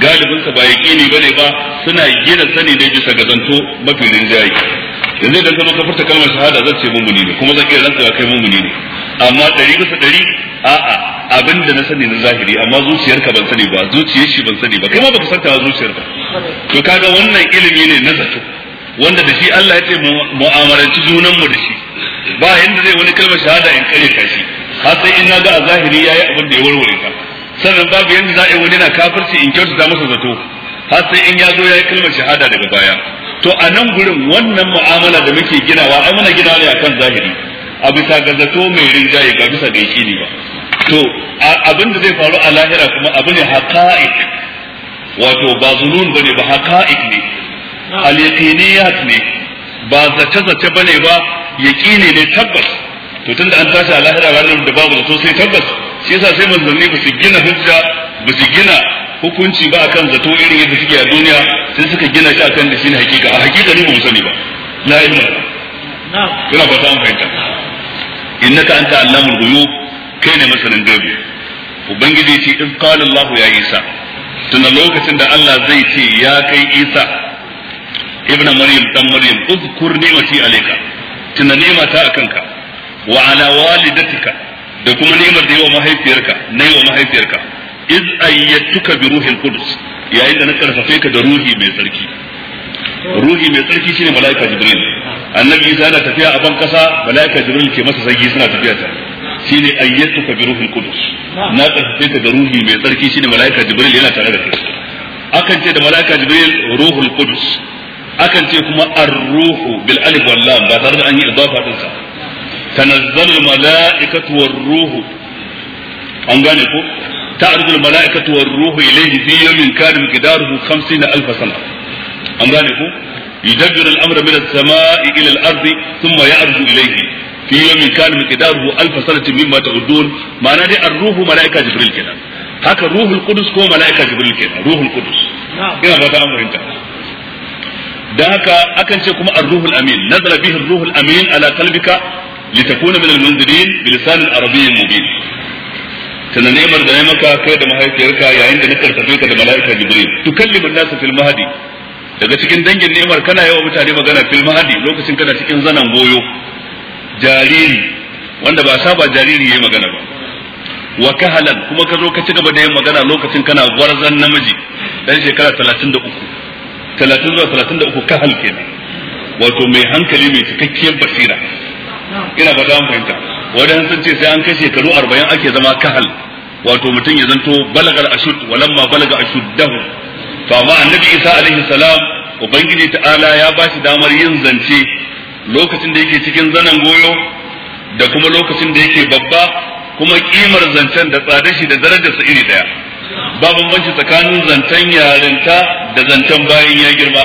galibin sa ba ya bane ba suna gina sani ne bisa ga zanto mafi rinjaye yanzu idan ka zo ka furta kalmar shahada zan ce mumuni ne kuma zan iya rantsa kai mumuni ne amma ɗari bisa ɗari a'a abin da na sani na zahiri amma zuciyarka ban sani ba zuciyar shi ban sani ba kai ma baka santa zuciyarka to kaga wannan ilimi ne na zato wanda da shi Allah ya ce mu'amalanci mu da shi ba yanda zai wani kalmar shahada in kare ka shi har sai in naga a zahiri yayi abin da ya warware ka sannan babu yanda za a yi wani na kafirci in kyautata masa zato har sai in ya zo ya yi kalmar shahada daga baya to a nan gurin wannan mu'amala da muke ginawa ai muna ginawa ne akan zahiri a bisa ga zato mai rinjaye ga bisa ga yake ne ba to abin da zai faru a lahira kuma abu ne haqa'iq wato ba zunun bane ba haqa'iq ne al yaqiniyat ne ba zace zace bane ba yaqini ne tabbas to tun da an tashi a lahira ranar da babu zato sai tabbas shi yasa sai manzanni ba su gina hujja ba su gina hukunci ba akan zato irin yadda suke a duniya sai suka gina shi akan da shi ne hakika a hakika ne ba mu sani ba la ilma kana ba ta fahimta innaka anta allamul ghuyub kai ne masanin gaibi ubangiji ya ce in qala allah ya isa tunda lokacin da Allah zai ce ya kai Isa ibn Maryam dan Maryam uzkur ni'mati alayka tunda ni'ma ta ka. wa ala walidatika da kuma ni'imar da yawa mahaifiyarka na yawa mahaifiyarka iz ayyatuka bi ruhil qudus yayin da na karfafe ka da ruhi mai tsarki ruhi mai sarki shine malaika jibril annabi isa yana tafiya a ban kasa malaika jibril ke masa sanyi suna tafiya ta shine ayyatuka bi ruhil qudus na karfafe ka da ruhi mai sarki shine malaika jibril yana tare da kai akan ce da malaika jibril ruhul qudus akan ce kuma ar-ruhu bil alif wal lam ba tare da an yi idafa din sa تنزل الملائكة والروح أنغاني فو تعرض الملائكة والروح إليه في يوم كان مقداره خمسين ألف سنة أنغاني فو يدبر الأمر من السماء إلى الأرض ثم يعرج إليه في يوم كان مقداره ألف سنة مما تغدون ما نجي الروح ملائكة جبريل كنا هكا روح القدس كو ملائكة جبريل كنا روح القدس كنا هذا أمر انت ده هكا أكنش كما الروح الأمين نزل به الروح الأمين على قلبك litakuna min al-munzirin bilisan arabiyyin mubin tana nemar da maka kai da mahaifiyarka yayin da na karfafe ka da mala'ika jibril tukallimun nasu fil mahdi daga cikin dangin nemar kana yawa mutane magana fil mahdi lokacin kana cikin zanan goyo jariri wanda ba saba jariri yayi magana ba wa kahalan kuma ka zo ci gaba da yin magana lokacin kana gwarzan namiji dan shekara 33 30 zuwa 33 kahal kenan wato mai hankali mai cikakkiyar basira ina ba an fahimta wadan sun ce sai an kai shekaru 40 ake zama kahal wato mutum ya zanto balagar ashud walamma balaga dahu. to amma annabi isa alaihi salam ubangiji ta'ala ya ba shi damar yin zance lokacin da yake cikin zanen goyo da kuma lokacin da yake babba kuma kimar zancen da tsada shi da sa iri daya ba bambanci tsakanin zancen yarinta da zancen bayan ya girma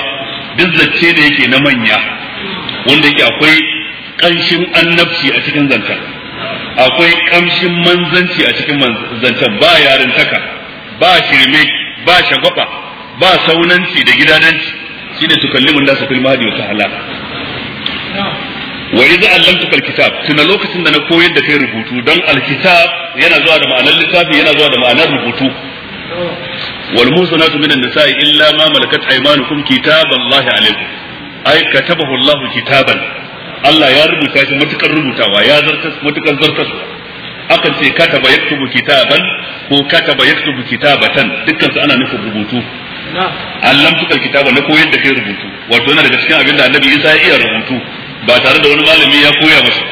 duk zance da yake na manya wanda yake akwai ƙanshin annabci a cikin zancen akwai ƙamshin manzanci a cikin zancen ba yarintaka ba shirme ba shagwaba ba saunanci da gidananci shi ne tukallimin nasa fil mahdi wa ta'ala wa idza allamtuka kitab tuna lokacin da na koyar da kai rubutu don alkitab yana zuwa da ma'anar littafi yana zuwa da ma'anar rubutu wal musanatu minan nisa'i illa ma malakat aymanukum kitaballahi alaykum ay katabahu Allahu kitaban Allah ya rubuta shi matukar rubutawa ya zartas matukar zartaswa akan ce kata kataba yaktubu kitaban ko kata kataba yaktubu kitabatan dukkan su ana nufin rubutu Allah tukar kitaba na koyar da kai rubutu wato yana daga cikin abin da Annabi Isa ya iya rubutu ba tare da wani malami ya koya masa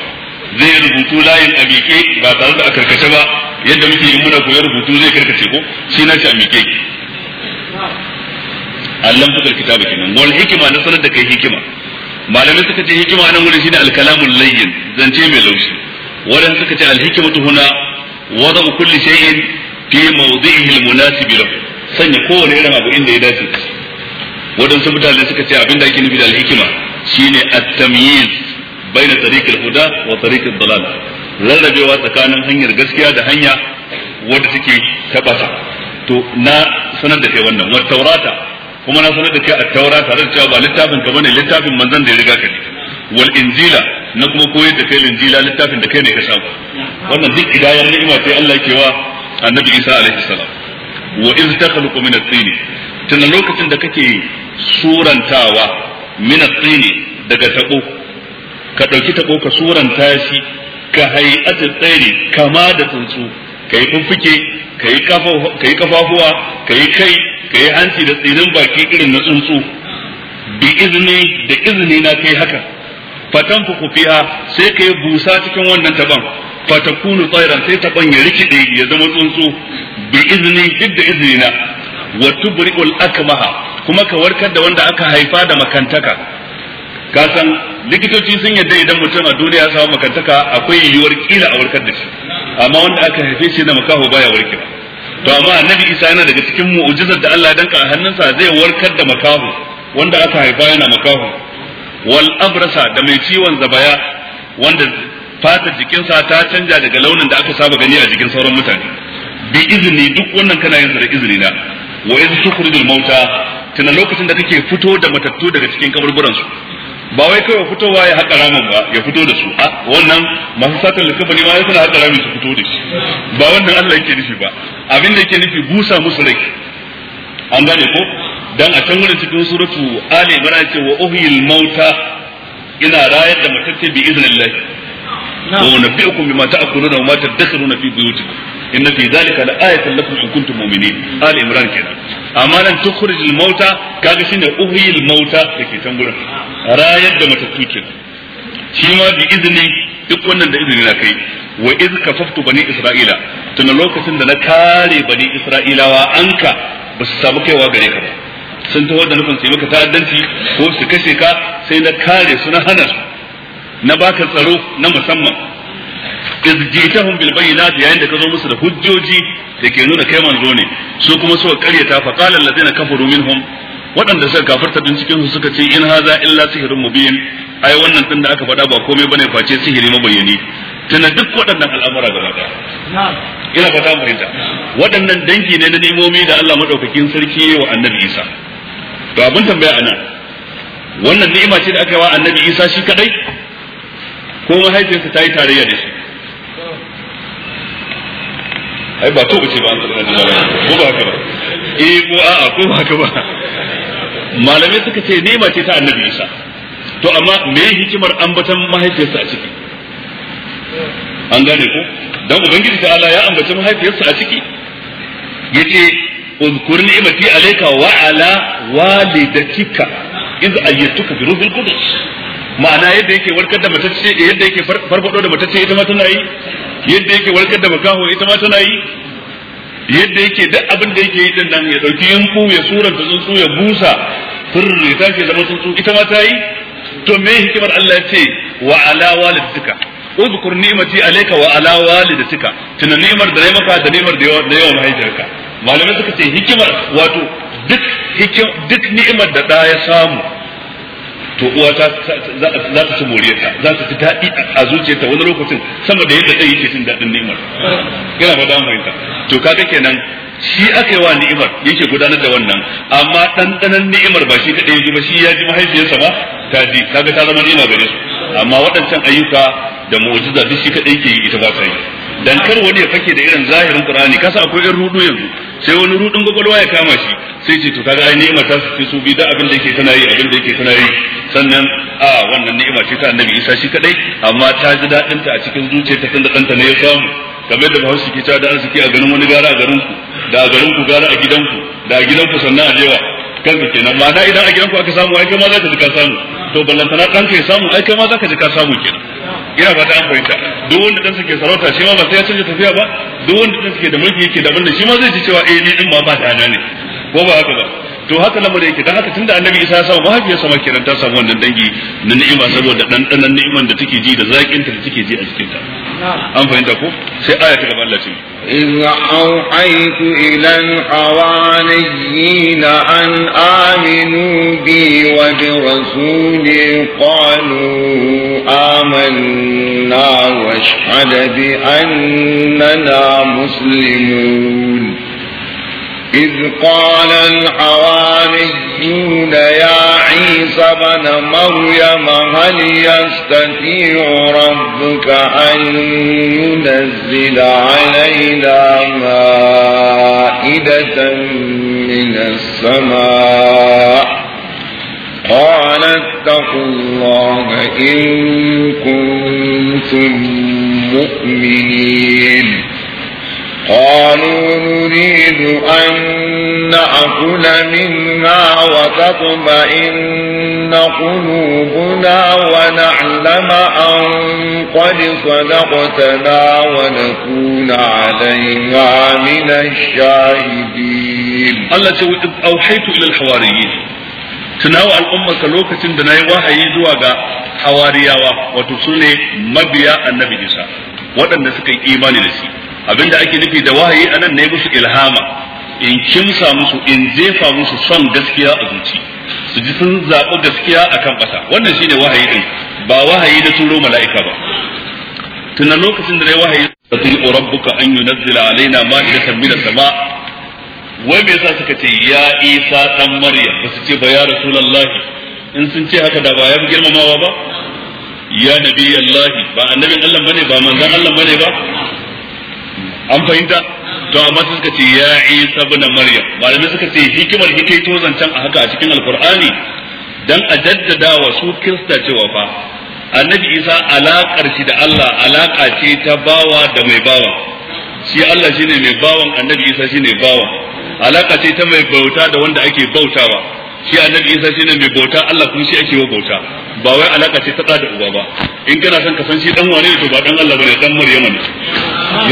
zai rubutu layin a miƙe ba tare da a karkace ba yadda muke yi muna koyar rubutu zai karkace ko shi na shi a miƙe Allah tukar kitaba kenan wal hikima na sanar da kai hikima malamai suka ce hikima nan wurin shine al-kalamul layyin zance mai laushi wadan suka ce al-hikmatu huna wada kulli shay'in fi mawdi'ihi al-munasib lahu sanya kowane irin abu inda ya dace wadansu mutane suka ce abinda ake nufi da al-hikima shine at-tamyiz baina tariqil huda wa tariqid dalal rarrabewa tsakanin hanyar gaskiya da hanya wadda take tabata to na sanar da kai wannan wa taurata kuma na sanar da kai a taura tare da cewa ba littafin ka bane littafin manzon da ya riga ka ne wal injila na kuma koyar da kai injila littafin da kai ne ka samu wannan duk idayar ni'ima sai Allah ke wa annabi Isa alaihi salam wa iz takhluqu min at-tin tun lokacin da kake surantawa min at-tin daga tako ka dauki tako ka suranta shi ka hay'atu tsairi kama da tsuntsu kai fuffuke kai kafa kai kafafuwa kai kai kai hanci da tsirin baki irin na tsuntsu bi izni da izini na kai haka fatan fuku fiha sai kai busa cikin wannan taban kunu tsairan sai taban ya rikide ya zama tsuntsu bi izni da izni na wa tubri'ul akmaha kuma ka warkar da wanda aka haifa da makantaka ka san likitoci sun yadda idan mutum a duniya ya samu makantaka akwai yiwuwar kila a warkar da shi amma wanda aka haife shi da makaho baya ba to amma annabi Isa yana daga cikin mu'jizar da Allah ya danka a hannunsa zai warkar da makaho wanda aka haifa yana makaho wal abrasa da mai ciwon zabaya wanda fatar jikinsa ta canja daga launin da aka saba gani a jikin sauran mutane bi izini duk wannan kana yin da izini na wa iz tukhrijul mauta tana lokacin da kake fito da matattu daga cikin kaburburan su ba wai kawai fitowa ya haƙa ramin ba ya fito da su a wannan masu satar likafani ma ya suna haƙa ramin su fito da shi ba wannan Allah yake nufi ba abin da yake nufi busa musu rai an gane ko dan a can wurin cikin suratu ali imran ce wa uhyil mauta ina rayar da matacce bi iznillah wa unabbiukum bima ta'kuluna wa ma tadakhiruna fi buyutikum inna fi dhalika la ayatan lakum in kuntum mu'minin ali imran kenan amma nan tukhrijul mauta kaga shine uhyil mauta dake can gurin rayar da matattu ke shi ma bi izini duk wannan da izini na kai wa iz kafaftu bani isra'ila tun lokacin da na kare bani isra'ilawa anka ba su samu kaiwa gare ka ba sun taho da nufin su yi maka ta'addanci ko su kashe ka sai na kare su na hana na baka tsaro na musamman izjitahum bil bayyinat yayin da ka zo musu da hujjoji da ke nuna kai manzo ne su kuma suka karyata fa qala allazina kafaru minhum waɗanda suka kafirta din cikin su suka ce in haza illa sihrun mubin ai wannan din da aka faɗa ba komai bane face sihiri mabayyani tana duk waɗannan al'amura ga ɗaya ina fata mu rinta waɗannan dangi ne na nemomi da Allah madaukakin sarki wa annabi Isa to abin tambaya anan wannan ni'ima ce da aka yi wa annabi Isa shi kadai ko mahaifiyarsa ta yi tarayya da shi ai ba toba ce ba an tsara da malamai ko ba haka ba eh ko a'a ko ba haka ba malamai suka ce nema ce ta annabi isa to amma me hikimar ambatan mahaifiyarsa a ciki an gane ko dan ubangiji ta Allah ya ambaci mahaifiyarsa a ciki yace uzkur ni'mati alayka wa ala walidatika iz ayyatuka bi ruhil qudus ma'ana yadda yake warkar da matacce yadda yake farfado da matacce ita ma tana yi yadda yake warkar da makaho ita ma tana yi yadda yake duk abin da yake yi din nan ya dauki yanku ya sura da tsuntsu ya busa sirri ta ce zama tsuntsu ita ma ta yi to me hikimar Allah ya ce wa ala walidika uzkur ni'mati alayka wa ala walidika tuna ni'mar da nayi maka da ni'mar da yawa mahaifiyarka malamai suka ce hikimar wato duk hikim duk ni'imar da da ya samu to uwa ta za ta ci ta za ta ta daɗi a zuciyarta wani lokacin sama da yadda ɗaya yake jin daɗin ni'imar yana ba damar ta to kaga kenan shi aka yi wa ni'imar yake gudanar da wannan amma ɗanɗanan ni'imar ba shi kaɗai ji ba shi ya ji mahaifiyarsa ba ta ji kaga ta zama ni'ima gare su amma waɗancan ayyuka da mu'jiza duk shi kaɗai ke yi ita ba ta yi dan kar wani ya fake da irin zahirin qur'ani kasa akwai irin rudu yanzu sai wani rudun gogolwa ya kama shi sai ce to kaga ai ni'ima ta su su bi da abin da yake tana yi abin da yake tana yi sannan a wannan ni'ima ce ta annabi isa shi kadai amma ta ji dadin ta a cikin zuciyarta tunda kanta ne ya samu kamar da bahaushe ke cewa da arziki a garin wani gara a garin ku da a garin ku gara a gidan ku da a gidan ku sannan a jewa kanka kenan ma'ana idan a gidan ku aka samu ai kai ma za ka ji ka samu to ballantana kanka ya samu ai kai ma za ka ji ka samu kenan ina ba ta an fahimta duk wanda dan ke sarauta shi ma ba sai ya canza tafiya ba duk wanda dan suke da mulki yake da abin shi ma zai ci cewa eh ni in ma ba dana ne ko ba haka ba to haka lamar yake dan haka tunda annabi isa ya samu mahaifiyarsa ma kenan ta samu wannan dangi na ni'ima saboda dandanan ni'iman da take ji da zakin ta da take ji a cikin ta an fahimta ko sai aya ta gaba Allah ce إذ أوحيت إلى الحواريين أن آمنوا بي وبرسولي قالوا آمنا واشهد بأننا مسلمون إذ قال الحواريون يا عيسى بن مريم هل يستطيع ربك أن ينزل علينا مائدة من السماء قال اتقوا الله إن كنتم مؤمنين قالوا نريد أن نأكل منا وتطمئن قلوبنا ونعلم أن قد صدقتنا ونكون عليها من الشاهدين الله سوى أوحيت إلى الحواريين تناوى الأمة سلوكة دنايوها يدوها حواريها وتصوني مبيا النبي جسا ودن نسكي إيمان لسيه abinda ake nufi da wahayi anan ne musu ilhama in kimsa musu in jefa musu son gaskiya a zuci su ji sun zaɓi gaskiya a kan ƙasa wannan shine wahayi din ba wahayi da turo mala'ika ba tunan lokacin da yi wahayi sai rabbuka an yunzila alaina ma'idatan min sama wai me yasa suka ce ya Isa dan Maryam ba su ce ba ya Rasulullahi in sun ce haka da ba ya fi girmamawa ba ya nabi ba annabin Allah bane ba manzon Allah bane ba an fahimta to amma suka ce ya isa bin maryam malamai suka ce hikimar hikaito zancen a haka a cikin alqur'ani dan a jaddadawa su kirista cewa fa annabi isa alaƙar shi da Allah alaƙa ce ta bawa da mai bawa shi Allah shine mai bawan annabi isa shine bawa alaƙa ce ta mai bauta da wanda ake bautawa shi annabi isa shi ne mai bauta Allah kuma shi ake wa bauta ba wai alaka ce ta da uba ba in kana son ka san shi dan wane to ba dan Allah bane dan Maryam ne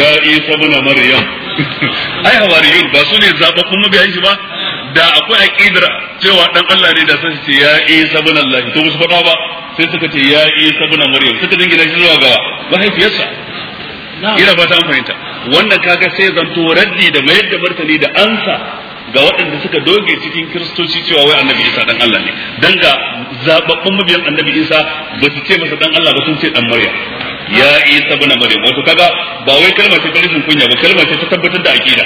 ya isa bin Maryam ai hawariyun ba su ne zaba zababbun mabiyan shi ba da akwai aqidar cewa dan Allah ne da san shi ya isa bin Allah to su faɗa ba sai suka ce ya isa bin Maryam suka dingina shi zuwa ga mahaifiyarsa ina ba ta fahimta wannan kaga sai zanto raddi da mayar da martani da ansa ga waɗanda suka doge cikin kiristoci cewa wai annabi isa dan Allah ne dan ga zababbun mabiyan annabi isa ba su ce masa dan Allah ba sun ce dan maryam ya isa bana maryam wato kaga ba wai kalma ce ta kunya ba kalma ce ta tabbatar da aqida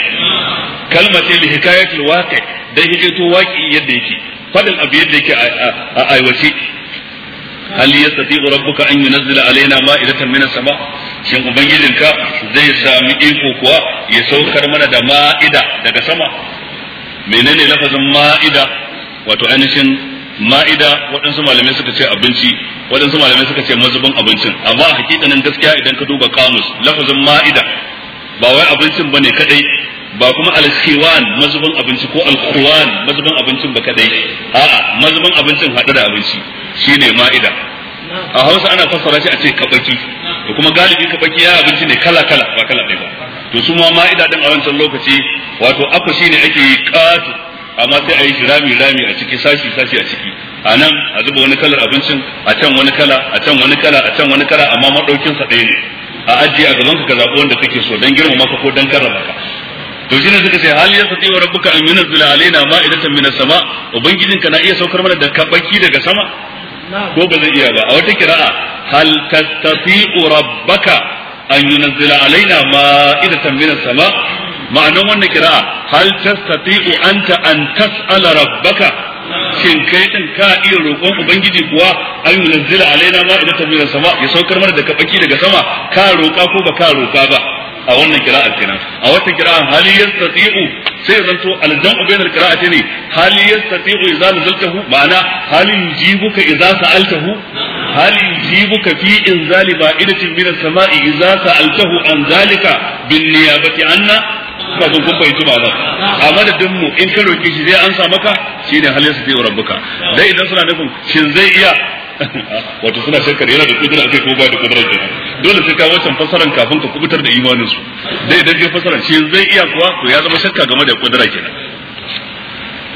kalma ce li hikayatul waqi dan to waqi yadda yake fadin abu yadda yake a aiwace hal yastati'u rabbuka an yunzila alaina ma'idatan minas sama shin ubangijinka zai sami iko kuwa ya saukar mana da ma'ida daga sama menene lafazin ma'ida wato ainihin ma'ida waɗansu malamai suka ce abinci waɗansu malamai suka ce mazubin abincin amma a hakikanin gaskiya idan ka duba kamus lafazin ma'ida ba wai abincin bane kadai ba kuma alkhiwan mazubin abinci ko alkhuwan mazubin abincin ba kadai a'a mazubin abincin hadu da abinci shine ma'ida a Hausa ana fassara shi a ce kabaki to kuma galibi kabaki ya abinci ne kala kala ba kala ɗaya ba to su ma ma'ida din a wancan lokaci wato akushi ne ake yi katu amma sai a yi shi rami rami a ciki sashi sashi a ciki a nan a zuba wani kalar abincin a can wani kala a can wani kala a can wani kala amma maɗaukin sa ɗaya ne a ajiye a gaban ka ka zaɓi wanda kake so don girmama ka ko don karrama ka to shine suka ce hal ya sati wa rabbuka an yunzila alaina ma'idatan minas sama ka na iya saukar mana da kabaki daga sama ko ba zai iya ba a wata kira'a hal tastati'u rabbaka an yi yunazzila alaina ina minas sama ma'anan wannan kira'a hal tastati'u anta an tas'ala rabbaka shin kai din ka iya roƙon ubangiji kuwa an yi yunazzila alaina ina minas sama ya saukar mana da kabaki daga sama ka roƙa ko ba ka roƙa ba a wannan kira'ar kenan a wata kira'ar hali yastati'u sai ya zanto aljamu bainal qira'ati ne hali yastati'u idza nazaltahu ma'ana hali yujibuka idza sa'altahu هل يجيبك في إنزال بائدة من السماء إذا سألته عن ذلك بالنيابة عنا kafin kun fahimci ba nan a madadin mu in ka roke shi zai ansa maka shine hal yasa zai rabbuka dai idan suna nufin shin zai iya wato suna shakkar yana da kudura kai ko ba da kudura kenan dole sai ka wancan fasaran kafin ka kubutar da imanin su dai idan ka fasaran shin zai iya kuwa to ya zama shakka game da kudura kenan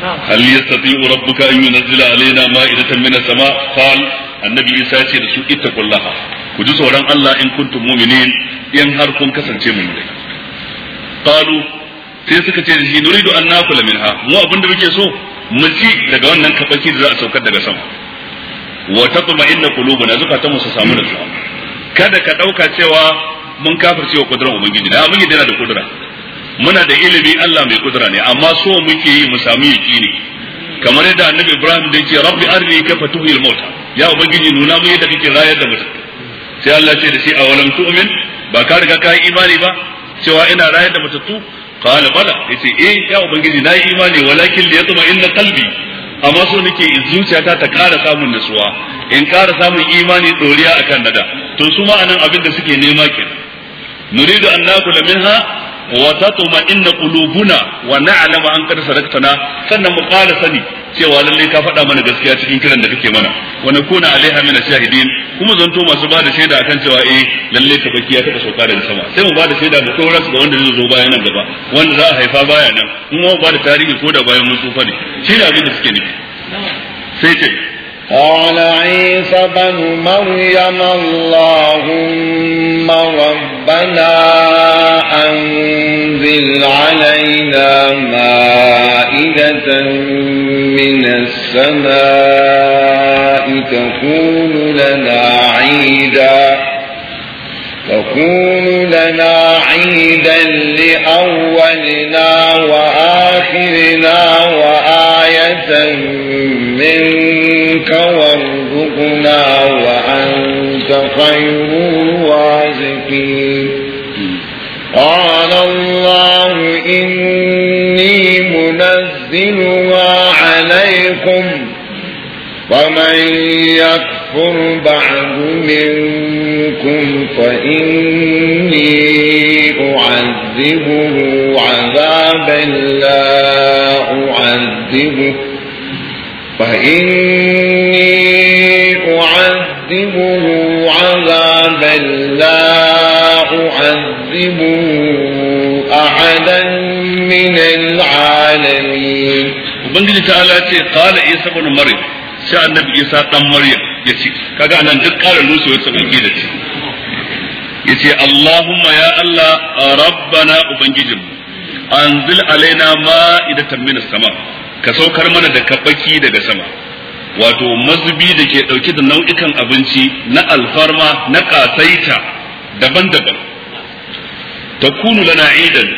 hal yastati'u rabbuka an yunzila alaina ma'idatan minas sama qal annabi isa ce da su ittaqullaha ku ji Allah in kuntum mu'minin in har kun kasance mu'mini qalu sai suka ce shi nuridu an nakula minha mu abinda muke so mu ci daga wannan kabaki da za a saukar daga sama wa tatma'inna qulubuna zukatan mu su samu da su kada ka ɗauka cewa mun kafirce wa kudurar ubangiji na mun yi dana da kudura muna da ilimi Allah mai kudura ne amma so muke yi mu samu yakini kamar yadda annabi Ibrahim da yake rabbi arni kaifa tuhil mauta ya ubangiji nuna mu yadda kake rayar da mutum sai Allah ce da shi a walam tu'min ba ka riga ka yi imani ba cewa ina rayar da matattu qala bala yace eh ya ubangiji na yi imani walakin da ya yatma inna qalbi amma so nake zuciyata ta kara samun nasuwa in kara samun imani doriya akan nada to su ma anan abin da suke nema kenan nuridu an minha wa na kulubuna wa na'lamu an qad sadaqtana sannan mu ƙara sani cewa lalle ka faɗa mana gaskiya cikin kiran da kake mana wa nakuna alaiha min ashahidin kuma zanto masu bada shaida akan cewa eh lalle ka bakiya ta sauka daga sama sai mu bada shaida ga sauran ga wanda zai zo bayan nan gaba wanda za a haifa baya nan kuma mu ba da tarihi ko da bayan mun tsufa ne shi da abin da suke nufi sai ce قال عيسى بن مريم اللهم ربنا أنزل علينا مائدة من السماء تكون لنا عيدا تكون لنا عيدا لأولنا وآخرنا وآية من منك وارزقنا وأنت خير الوازقين قال الله إني منزلها عليكم ومن يكفر بعد منكم فإني أعذبه عذابا لا أعذبه فإني أعذبه عذابا لا أعذبه أحدا من العالمين وبنجي تعالى قال عيسى بن مريم sai annabi isa dan maryam ya ce kaga anan duk ƙara lusu ya saban gida ya ce allahumma ya allah rabbana ubangijinmu alaina ma'idatan min sama ka saukar mana da kabaki daga sama wato mazubi da ke dauke da nau'ikan abinci na alfarma na kasaita daban-daban takunu lana idan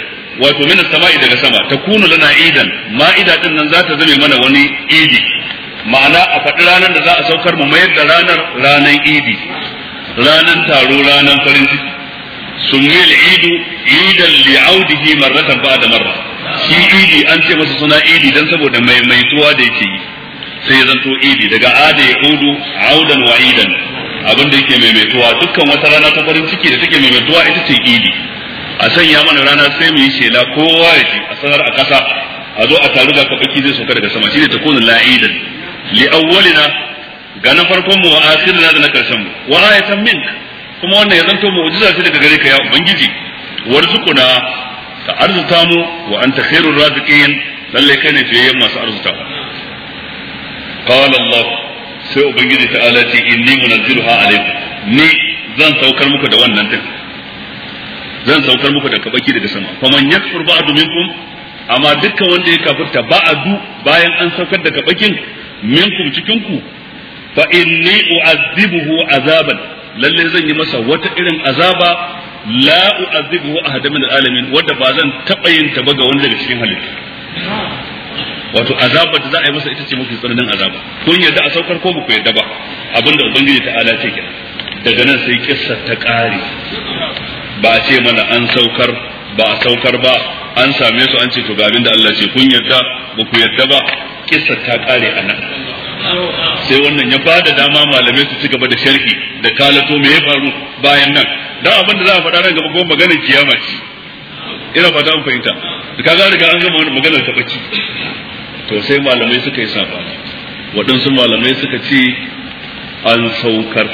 wato mina sama'i daga sama takunu lana idan ma'ida din nan za ta zame mana wani idi ma'ana a faɗi ranar da za a saukar mu mayar da ranar ranar idi ranar taro ranar farin ciki sun yi al'idu idan li'audihi marratan da marra shi idi an ce masa suna idi dan saboda mai mai tuwa da yake yi sai ya zanto idi daga ada ya udu audan wa idan abin da yake mai mai tuwa dukkan wata rana ta farin ciki da take mai mai tuwa ita ce idi a sanya mana rana sai mu yi shela kowa ya ji a sanar a kasa a zo a taru ga kabaki zai sauka daga sama shi ne ta kunu la'idan li awwalina ga na farkon mu wa akhirina da na karshen mu wa ayatan mink kuma wannan ya zanto mu'jiza ce daga gare ka ya ubangiji warzuquna ka arzuta mu wa anta khairur raziqin lalle kai ne fiye masu arzutawa qala Allah sai ubangiji ta'ala ce inni munazziruha alaykum ni zan saukar muku da wannan din zan saukar muku da kabaki daga sama faman yakfur ba'du minkum amma dukkan wanda ya kafirta ba'adu bayan an saukar da kabakin minkum cikin ku fa inni u'azzibuhu azaban lalle zan yi masa wata irin azaba la a ahada da alamin wadda ba zan taba yin ta ba ga wani daga cikin halittu wato azabar da za a yi masa ita ce mafi tsananin azaba kun yadda a saukar ko ku yadda ba abinda ubangiji ta ala ce daga nan sai kissa ta kare ba a ce mana an saukar ba a saukar ba an same su an ce to ga abinda Allah ce kun yadda ba ku yadda ba kissa ta kare a nan sai wannan ya ba da dama malamai su ci gaba da sharhi da kalato me ya faru bayan nan dan abin da za a faɗa ran gaba ko magana kiyama ce ina fata an fahimta da kaga riga an gama maganar ta baki to sai malamai suka yi sabani waɗansu malamai suka ce an saukar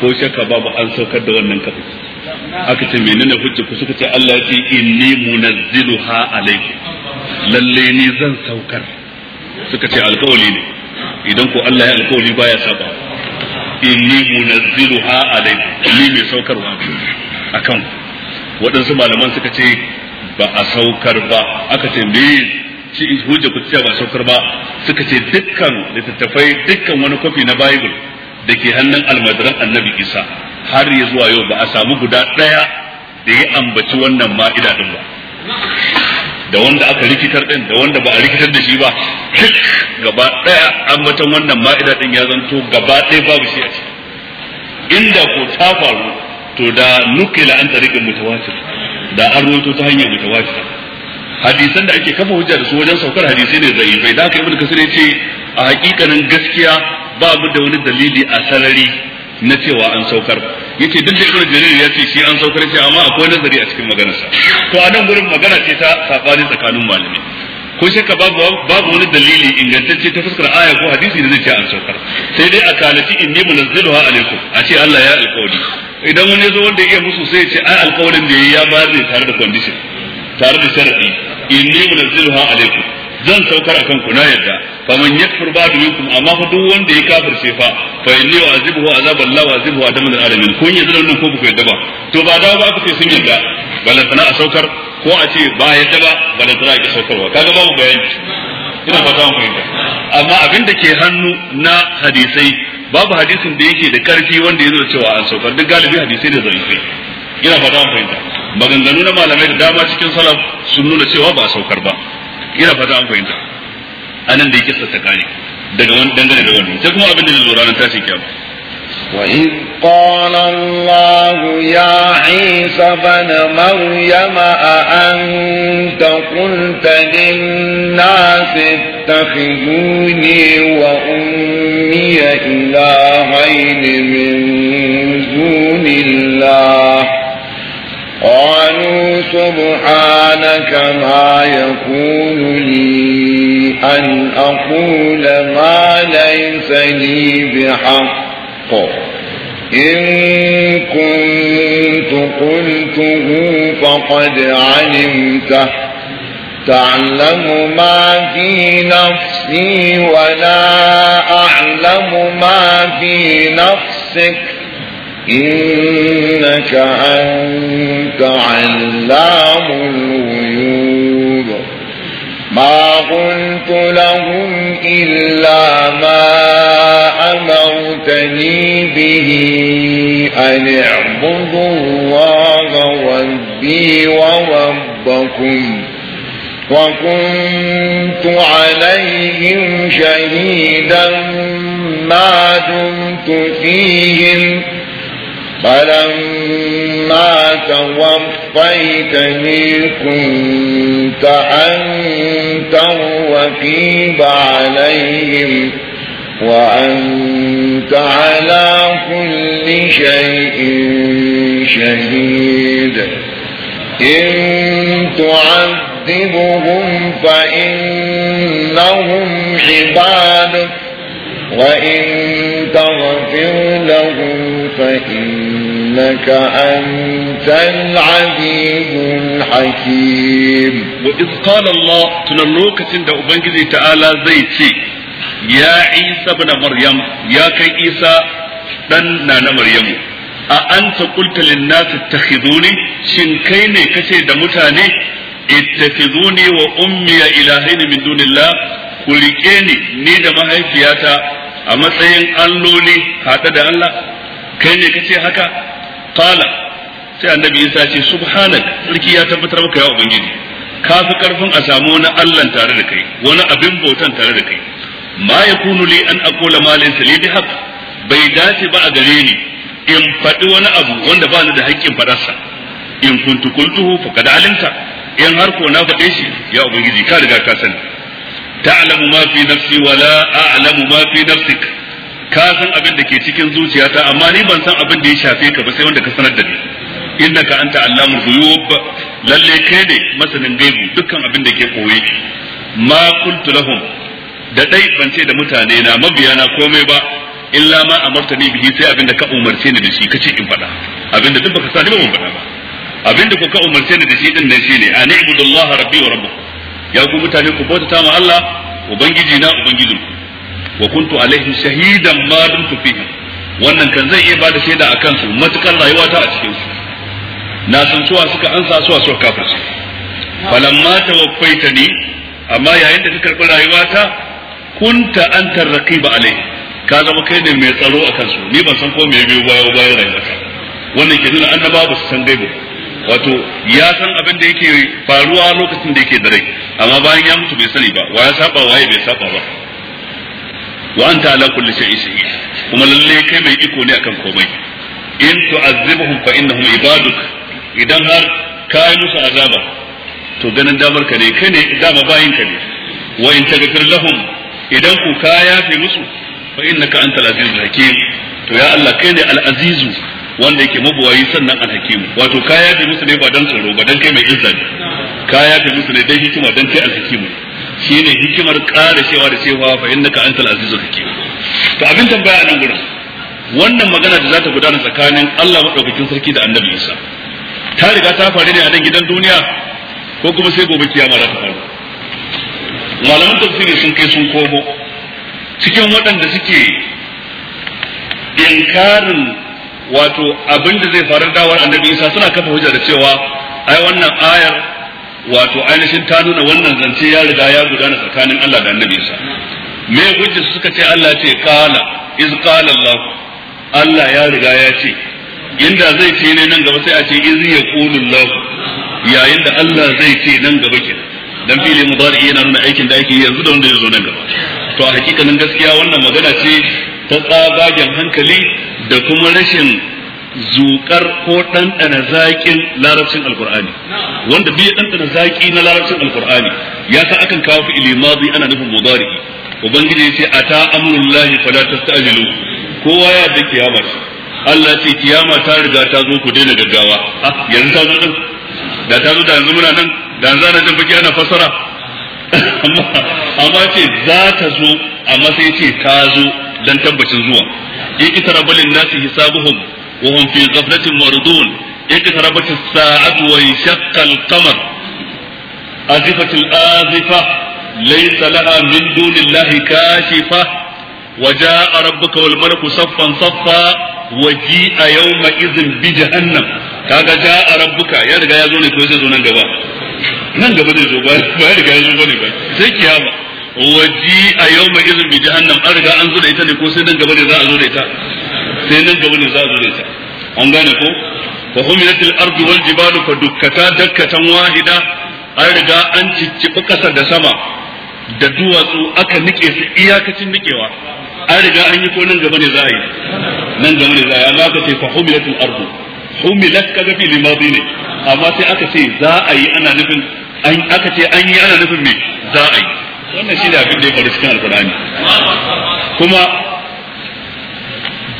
ko shakka babu an saukar da wannan kafa aka ce menene hujja ku suka ce Allah ya ce inni munazziluha alaykum lalle ni zan saukar suka ce alkawali ne idan ko Allah ya alkawari baya saba inni munazziluha alaykum ni mai saukarwa akan waɗansu malaman suka ce ba a saukar ba aka ce me shi hujja ku ba saukar ba suka ce dukkan littattafai dukkan wani kofi na bible da ke hannun almadiran annabi isa har ya zuwa yau ba a samu guda ɗaya da ya ambaci wannan ma'ida din ba da wanda aka rikitar din da wanda ba a rikitar da shi ba duk gaba daya ambaton wannan ma'ida din ya zanto gaba daya babu shi a ciki inda ko ta faru to da nukila an tarikin mutawatir da an ruwato ta hanyar mutawatir hadisan da ake kafa hujja da su wajen saukar hadisai ne bai da haka ibnu kasir ya ce a hakikanin gaskiya babu da wani dalili a sarari na cewa an saukar yace duk da ibnu jarir ya ce shi an saukar ce amma akwai nazari a cikin maganarsa to a nan gurin magana ce ta sabani tsakanin malami ko shakka babu babu wani dalili ingantacce ta fuskar aya ko hadisi da zai ce an saukar sai dai a kalaci inni munazziluha alaikum a ce Allah ya alƙawari idan wani zo wanda yake musu sai ya ce ai alƙawarin da yayi ya bayar ne tare da condition tare da sharadi inni munazziluha alaikum zan saukar akan ku na yadda man yakfur ba'du minkum amma fa duk wanda ya kafirce fa fa inni wa azibuhu azaban la wa azibuhu adaman alamin kun yi da wannan ko ku yadda ba to ba dawo ba kuke sun yadda balantana a saukar ko a ce ba yadda ba balantana a ki saukarwa kaga babu bayani ina fata mun fahimta amma abin da ke hannu na hadisai babu hadisin da yake da karfi wanda ya zo cewa an saukar duk galibi hadisai da zarifai ina fata mun fahimta maganganu na malamai da dama cikin salaf sun nuna cewa ba saukar ba ina fata an fahimta anan da yake ta kare daga wani dangane da wannan sai kuma abin da zai zo ranar tashin kiyama وإذ قال الله يا عيسى بن مريم أأنت قلت للناس اتخذوني وأمي إلهين من دون الله قالوا سبحانك ما يكون لي أن أقول ما ليس لي بحق إن كنت قلته فقد علمته تعلم ما في نفسي ولا أعلم ما في نفسك إنك أنت علام الغيوب ما قلت لهم إلا ما أمرتني به أن اعبدوا الله ربي وربكم وكنت عليهم شهيدا ما دمت فيهم فلما توفيتني كنت أنت الرقيب عليهم وأنت على كل شيء شهيد إن تعذبهم فإنهم عبادك وإن تغفر لهم فإنك أنت العزيز الحكيم وإذ قال الله تنلوك سند أبنجزي تعالى زيتي يا عيسى بن مريم يا كي عيسى دننا مريم أأنت قلت للناس اتخذوني شنكيني كسي دمتاني اتخذوني وأمي إلهين من دون الله قل ni da mahaifiyata a matsayin alloli haɗe da Allah kai ne kace haka qala sai annabi Isa ce subhanak sarki ya tabbatar maka ya ubangiji ka fi karfin a samu wani Allah tare da kai wani abin bautan tare da kai ma yakunu li an aqula ma laysa li bai dace ba a gare ni in faɗi wani abu wanda ba ni da haƙƙin faɗarsa in kuntu qultuhu faqad alimta in har ko na faɗe shi ya ubangiji ka riga ka sani ta'lamu ma fi nafsi wala a'lamu ma fi nafsika ka san abin da ke cikin zuciyata amma ni ban san abin da ya shafe ka ba sai wanda ka sanar da ni ka anta allamul ghuyub lalle kai ne masanin gaibu dukkan abin da ke koyi ma kuntu lahum da dai ban ce da mutane na na komai ba illa ma amartani bihi sai abin da ka umarce ni da shi kace in faɗa abin da duk baka sani ba mun faɗa ba abin da kuka umarce ni da shi din nan shine ani ibudullaha rabbi wa rabbukum ya ku mutane ku bauta ma Allah ubangiji na ubangijinku wa kuntu alaihim shahidan ma dumtu fihi wannan kan zai iya bada shaida akan su matukar rayuwata a cikin su na san suwa suka ansa a suka kafirci falamma tawaffaitani amma yayin da ka karbi rayuwata kunta anta raqiba alaihi ka zama kai ne mai tsaro akan su ni ban san ko me biyo bayan rayuwa rayuwata wannan ke nuna annaba ba su san gaibu wato ya san abin da yake faruwa lokacin da yake da rai amma bayan ya mutu bai sani ba wa ya saba waye bai saba ba wa anta ala kulli shay'in shahid kuma lalle kai mai iko ne akan komai in tu'azzibuhum fa innahum ibaduk idan har ka yi musu azaba to ganin damar ka ne kai ne dama bayin ka ne wa in tagfir lahum idan ku ka yafe musu fa innaka antal azizul hakim to ya Allah kai ne al azizu wanda yake mabuwayi sannan al hakim wato ka yafe musu ne ba dan tsoro ba dan kai mai izza ne ka yafe musu ne dan hikima dan kai al hakim ne shine hikimar ƙara cewa da cewa fa innaka antal azizul hakim to abin tambaya nan gurin wannan magana da za ta gudana tsakanin Allah madaukakin sarki da Annabi ta riga ta faru ne a nan gidan duniya ko kuma sai gobe kiyama za ta faru malaman tafsiri sun kai sun komo cikin waɗanda suke inkarin wato abin da zai faru dawar Annabi Isa suna kafa hujja da cewa ai wannan ayar wato ainihin ta nuna wannan zance ya riga ya gudana tsakanin Allah da annabi sa me hujja suka ce Allah ce qala iz qala Allah Allah ya riga ya ce inda zai ce ne nan gaba sai a ce iz yaqulu Allah yayin da Allah zai ce nan gaba ke dan fili mudari yana nuna aikin da ake yanzu da wanda ya zo nan gaba to a hakikanin gaskiya wannan magana ce ta tsagagen hankali da kuma rashin zuƙar ko ɗanɗana zaƙin larabcin alkur'ani wanda ya ɗanɗana zaƙi na larabcin alkur'ani ya sa akan kawo fi'ili madi ana nufin mudari ubangiji ya ce ata amrullahi fala tastajilu kowa ya da kiyama shi Allah ce kiyama ta riga ta zo ku daina gaggawa ah yanzu ta zo din da ta zo da yanzu muna nan da yanzu ana jin baki ana fassara amma ce za ta zo amma sai ce ta zo dan tabbacin zuwa in ita rabalin nasu hisabuhum وهم في غفلة معرضون اقتربت الساعة وانشق القمر أزفت الآزفة ليس لها من دون الله كاشفة وجاء ربك والملك صفا صفا وجيء يومئذ بجهنم kaga ja a rabbuka ya riga ya zo ne ko zai zo nan gaba nan gaba zai zo ba ya riga ya ne ba sai kiyama waji a yau izin bi an zo ita ne ko sai nan gaba ne za a zo ita sai nan gaba ne za a zo da an gane ko fa humilat al-ardu wal jibalu fa dukkata dakkatan wahida an riga an cicciɓi kasar da sama da duwatsu aka nike su iyakacin nikewa an riga an yi ko nan gaba ne za a yi nan gaba ne za a yi amma ka ce fa humilat al-ardu humilat ka gafi limadi ne amma sai aka ce za a yi ana nufin an aka ce an yi ana nufin me za a yi wannan shi ne abin da ya faru cikin alkur'ani kuma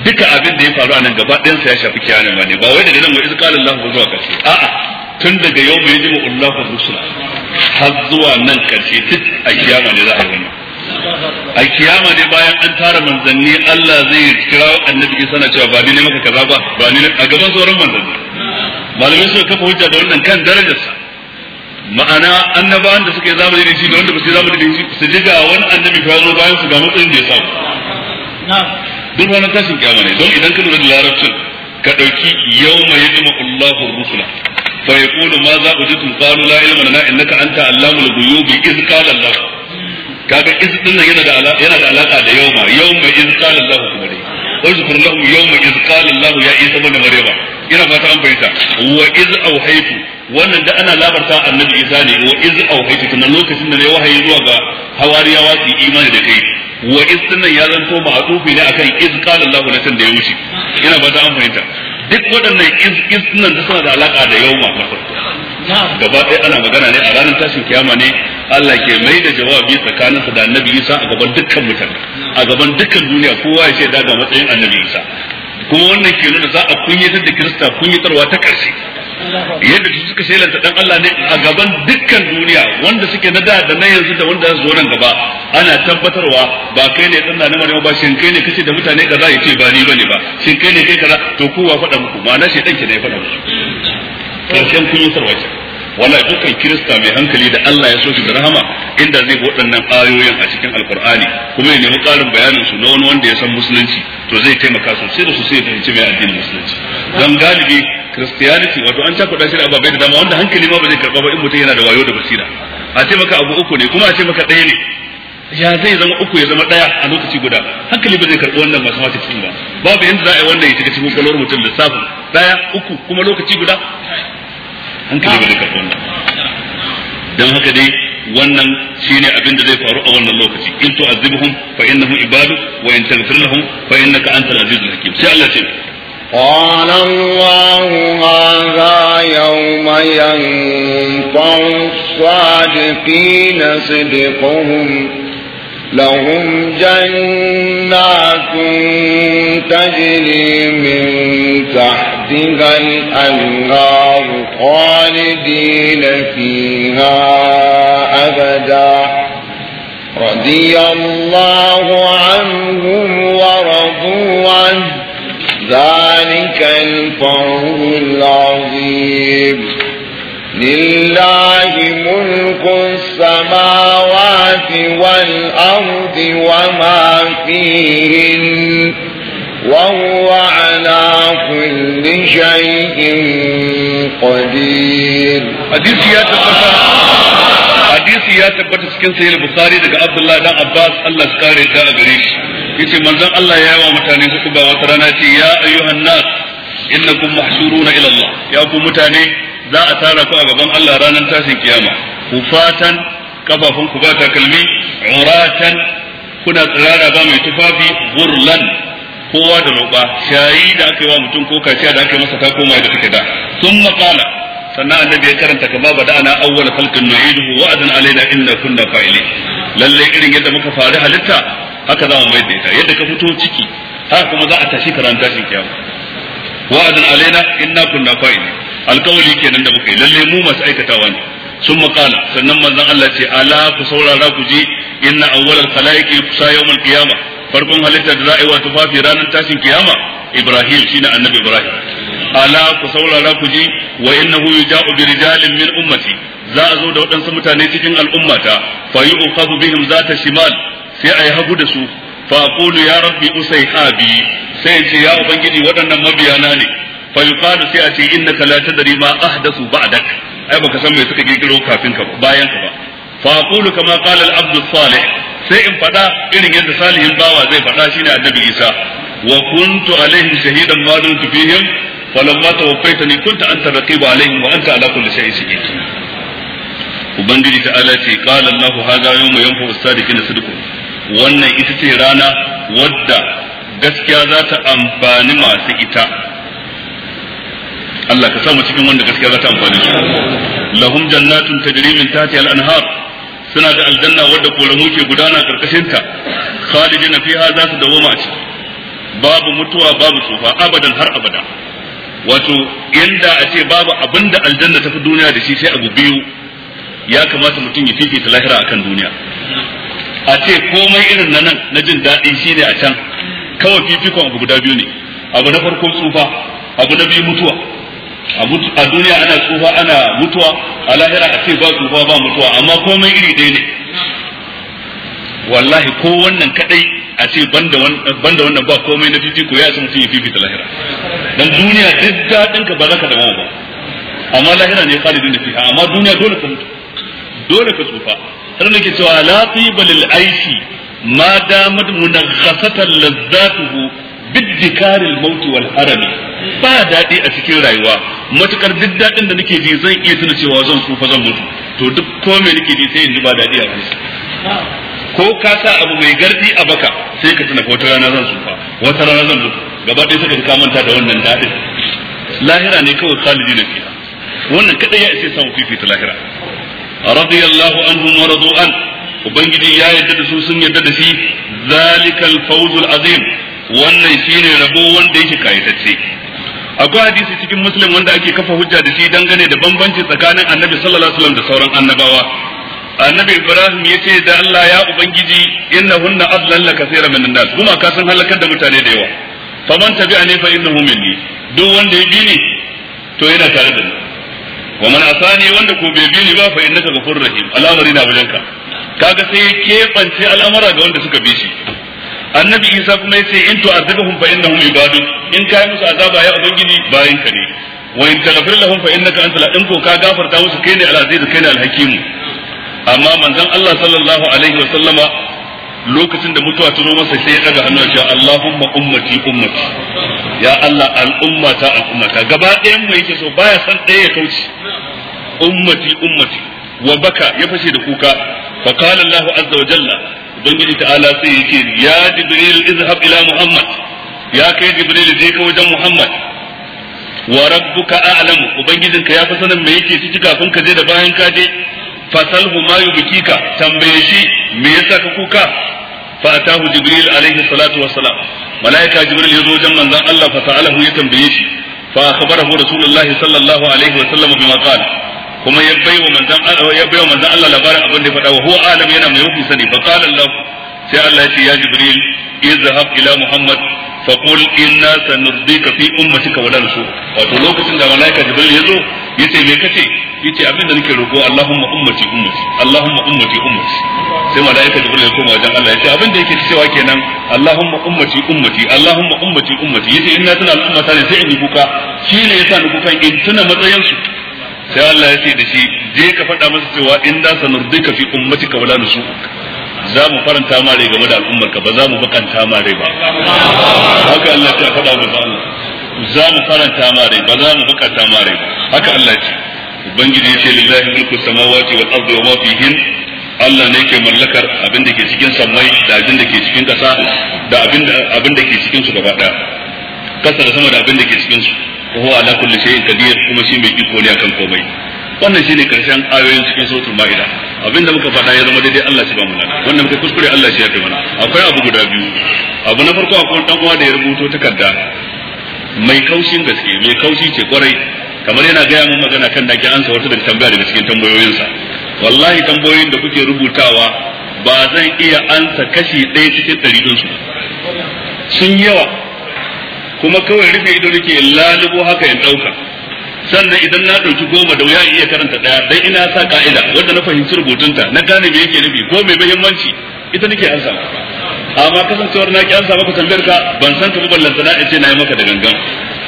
duka abin da ya faru a nan gaba ɗayan sa ya shafi kiyanin wani ba wai daga nan wa iz kalin Allah zuwa zuwa karshe a'a tun daga yau mai jima Allah ba rusula har zuwa nan karshe duk a kiyama ne za a yi a kiyama ne bayan an tara manzanni Allah zai kira annabi Isa na cewa ba ni ne maka kaza ba ba ni a gaban sauran manzanni malamai suka kafa hujja da wannan kan sa ma'ana annabawan da suke zamani da shi da wanda ba su zamani da shi su ji ga wani annabi ka zo bayan su ga matsayin da ya samu duk ranar tashin kyama ne don idan ka lura da larabcin ka mai yawma yajma Allahu rusula fa kudu ma za ujitum qalu la ilma lana innaka anta allamul ghuyubi iz qala Allah kaga iz din nan yana da yana da alaka da yau yawma yawma iz qala Allah kuma dai uzkur lahum yawma iz qala Allah ya isa ibn maryama ina fata an bayyana wa iz auhaytu wannan da ana labarta annabi isa ne wa iz auhaytu tunan lokacin da ne wahayi zuwa ga hawariyawa su imani da kai wa istinnan ya zanto ba hatufi ne akan iz qala Allahu na da ya wuce ina ba ta an fahimta duk waɗannan iz da suna da alaka da yawma na farko gaba ɗaya ana magana ne a ranar tashin kiyama ne Allah ke mai da jawabi tsakaninsa da annabi Isa a gaban dukkan mutane a gaban dukkan duniya kowa ya shaida ga matsayin annabi Isa kuma wannan ke nuna za a kunyatar da Kirista kunyatarwa ta ƙarshe yadda su suka shelanta dan Allah ne a gaban dukkan duniya wanda suke na da da na yanzu da wanda zuwa nan gaba ana tabbatarwa ba kai ne dan na Maryam ba shin kai ne kace da mutane kaza yace ba ni bane ba shin kai ne kai kaza to kowa faɗa muku ma'ana shedan ke ne faɗa muku karshen kun yi wala dukkan kirista mai hankali da Allah ya so shi da rahama inda zai ga waɗannan ayoyin a cikin alkur'ani kuma ya nemi ƙarin bayanin su na wani wanda ya san musulunci to zai taimaka sosai da sosai ya fahimci mai addinin musulunci don galibi christianity wato an cakuɗa shi da ababai da dama wanda hankali ma ba zai karɓa ba in mutum yana da wayo da basira a ce maka abu uku ne kuma a ce maka ɗaya ne ya zai zama uku ya zama ɗaya a lokaci guda hankali ba zai karɓi wannan masu mathematics ba babu yadda za a yi wannan ya shiga cikin kwalwar mutum lissafin ɗaya uku kuma lokaci guda hankali ba zai karɓi wannan dan haka dai wannan shine abin da zai faru a wannan lokaci in tu'azibuhum fa innahum ibadu wa in taghfir lahum fa innaka antal azizul hakim sai Allah ce قال الله هذا يوم ينفع الصادقين صدقهم لهم جنات تجري من تحت تحتها الأنهار خالدين فيها أبدا رضي الله عنهم ورضوا عنه ذلك الفوز العظيم لله ملك السماوات والأرض وما فيهن وهو على كل شيء قدير حديث يا تبتا حديث يا تبتا سكن سيد البخاري دغ عبد الله بن عباس الله كاري تا غريش yace manzon Allah ya yawa mutane suku ba wata rana ce ya ayyuhan nas innakum mahshuruna ila ya ku mutane za a tara ku a gaban Allah ranar tashin kiyama kufatan kafafun ku ba takalmi uratan kuna tsirara ba mai tufafi gurlan kowa da roƙa shayi da aka yi wa mutum ko kaciya da aka yi masa ta koma da take da sun maƙala sannan annabi ya karanta ka kama ba da'ana awwal khalqin nu'iduhu wa'adan alaina inna kunna fa'ili lalle irin yadda muka fara halitta haka za mu mai da yadda ka fito ciki haka kuma za a tashi karanta shi kiyama wa'adan alaina inna kunna fa'ili alkawali kenan da muka yi lalle mu masu aikatawa ne sun maƙala sannan manzon Allah ce ala ku saurara ku ji inna awwal al-khalaiqi kusa yawm al-qiyamah farkon halitta da za a yi wa tufafi ranar tashin kiyama Ibrahim shine annabi Ibrahim ala ku saurara ku ji wa innahu yuja'u bi rijalin min ummati za a zo da waɗansu mutane cikin al'ummata fa yu'khadhu bihim zata shimal sai a yi hagu da su fa aqulu ya rabbi Habi. sai ce ya ubangiji waɗannan mabiyana ne fa yuqalu sai a ce innaka la tadri ma ahdathu ba'dak ai baka san me suka kirkiro kafin ka bayan ka ba fa kama qala al-abdu salih sai in faɗa irin yadda salihin bawa zai faɗa shine annabi isa wa kuntu alaihim shahidan ma dumtu fihim falamma tawaffaytani kunta anta raqiba alaihim wa anta ala kulli shay'in shahid ubangiji ta ala ce qala allah hadha yawma yanfu as-sadiqina sidqu wannan ita ce rana wadda gaskiya za ta amfani masu ita Allah ka samu cikin wanda gaskiya za ta amfani su lahum jannatun tajri min tahtiha al-anhar suna da aljanna wadda koramu ke gudana karkashin ta khalidin fiha za su dawoma a ciki babu mutuwa babu tsufa abadan har abada wato inda a ce babu abinda aljanna ta fi duniya da shi sai abu biyu ya kamata mutum ya ta lahira akan duniya a ce komai irin na nan na jin daɗi shine a can kawai fifikon abu guda biyu ne abu na farko tsufa abu na biyu mutuwa a duniya ana tsufa ana mutuwa a lahira a ce ba tsufa ba mutuwa amma komai iri dai ne wallahi ko wannan kadai a ce banda wannan ba komai na fifiko ya san mutum ya fifita lahira dan duniya duk daɗin ka ba za ka dawo ba amma lahira ne khalidin da fiha amma duniya dole ka mutu dole ka tsufa sai nake cewa la tiba aishi ma damat munaghasatan lazzatuhu bid maut wal harami ba daɗi a cikin rayuwa matukar duk daɗin da nake ji zan iya tuna cewa zan tsufa zan mutu to duk ko me nake ji sai in ji ba daɗi a kansa ko ka sa abu mai gardi a baka sai ka tuna wata rana zan tsufa wata rana zan mutu gaba ɗaya suka ka manta da wannan daɗin lahira ne kawai khalidi na fiya wannan kadai ya isa samu fifita lahira radiyallahu anhum wa radu an ubangiji ya yarda da su sun yarda da shi zalikal fawzul azim wannan shine rabo wanda yake kayatacce akwai hadisi cikin muslim wanda ake kafa hujja da shi dangane da bambanci tsakanin annabi sallallahu alaihi wasallam da sauran annabawa annabi ibrahim ya ce da allah ya ubangiji innahunna adlalla kaseera minan nas kuma ka san halakar da mutane da yawa faman tabi'ani fa innahu minni duk wanda ya bi ni to yana tare da ni wa man asani wanda ko bai bi ni ba fa innaka ghafurur rahim al'amari na wajenka kaga sai ya kebance al'amara ga wanda suka bi shi annabi isa kuma yace in tu'azibuhum fa innahum ibaduk in kai musu azaba ya ubangiji bayin ka ne wa in taghfir lahum fa innaka antal in ko ka gafarta musu kai ne al-aziz kai ne al-hakim amma manzon Allah sallallahu alaihi wa sallama lokacin da mutuwa ta zo masa sai ya daga hannu ya ce Allahumma ummati ummati ya Allah al-ummata al gaba ɗayan mu yake so baya san ɗaya ya kauce ummati ummati wa baka ya fashe da kuka fa qala Allahu azza wa jalla ubangiji ta'ala sai yake ya jibril izhab ila muhammad ya kai jibril je ka wajen muhammad wa rabbuka a'lamu ubangijin ka ya fi sanin me yake ciki kafin ka je da bayan ka je fasalhu ma yubkika tambaye shi me yasa ka kuka fa atahu jibril alaihi salatu wassalam malaika jibril ya yazo wajen manzon Allah fa sa'alahu ya tambaye shi fa akhbarahu rasulullahi sallallahu alaihi wasallam bima qala kuma ya bai wa manzan ya bai wa manzan Allah labarin abin da ya faɗa wa huwa alam yana mai hukun sani fa qala Allah sai Allah ya ce ya Jibril izhab ila Muhammad fa qul inna sanurdika fi ummatika wa la rasul wato lokacin da malaika Jibril ya zo yace me kace yace abin da nake roƙo Allahumma ummati ummati Allahumma ummati ummati sai malaika Jibril ya koma wajen Allah yace abin da yake cewa kenan Allahumma ummati ummati Allahumma ummati ummati yace inna tana al'ummata ne sai in yi kuka shi ne yasa ni kukan in tuna matsayin su sai Allah ya ce da shi je ka faɗa masa cewa in da sanurdika fi ka wala nusu za mu faranta ma rai game da al'ummar ka ba za mu bakanta ma rai ba haka Allah ya faɗa wa Allah za mu faranta ma rai ba za mu bakanta ma rai ba haka Allah ya ce ubangiji ya ce lillahi mulku samawati wal ardi wa ma fihin Allah ne ke mallakar abin da ke cikin sammai da abin da ke cikin kasa da abin da ke cikin su gaba ɗaya kasa da sama da abin da ke cikin su wa ala kulli shay'in qadir kuma shi mai iko ne akan komai wannan shine karshen ayoyin cikin suratul maida abinda muka faɗa ya zama daidai Allah shi ba mu lada wannan muka kuskure Allah shi ya fi mana akwai abu guda biyu abu na farko akwai dan uwa da ya rubuto takarda mai kaushin gaske mai kaushi ce kwarai kamar yana gaya mun magana kan dake ansa wata da tambaya daga cikin tambayoyinsa wallahi tambayoyin da kuke rubutawa ba zan iya ansa kashi ɗaya cikin ɗari ɗinsu sun yawa kuma kawai rufe ido nake lalubo haka in dauka sannan idan na ɗauki goma da wuya iya karanta ɗaya, dan ina sa ka'ida wanda na fahimci rubutunta na gane me yake nufi ko mai muhimmanci ita nake ansa amma kasancewar na ki ansa maka tambayar ka ban san ka ba lantana in ce na yi maka da gangan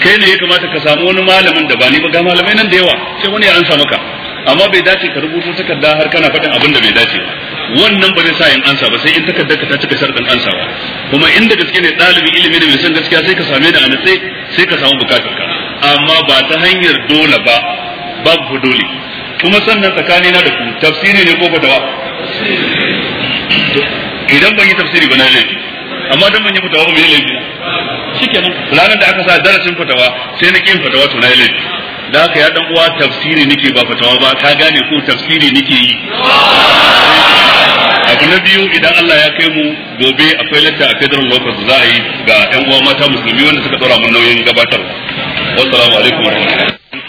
kai ne ya kamata ka samu wani malamin da ba ni ba ga malamai nan da yawa sai wani ya ansa maka amma bai dace ka rubuta takarda har kana faɗin abin da bai dace ba wannan ba zai sa in ansa ba sai in takarda ka ta cika sharɗin ba kuma inda gaske ne ɗalibin ilimi da mai san gaskiya sai ka same da anasai sai ka samu bukatar ka amma ba ta hanyar dole ba babu dole kuma sannan tsakani na da ku tafsiri ne ko fatawa idan ban yi tafsiri ba na laifi amma dan ban yi fatawa ba mai laifi shikenan ranar da aka sa darasin fatawa sai na kin fatawa to na laifi da haka ya dan uwa tafsiri nake ba fatawa ba ka gane ko tafsiri nake yi abu na biyu idan Allah ya kai mu gobe akwai latta a federal lokaci za a yi ga yan uwa mata musulmi wanda suka tsora mun nauyin gabatarwa wassalamu alaikum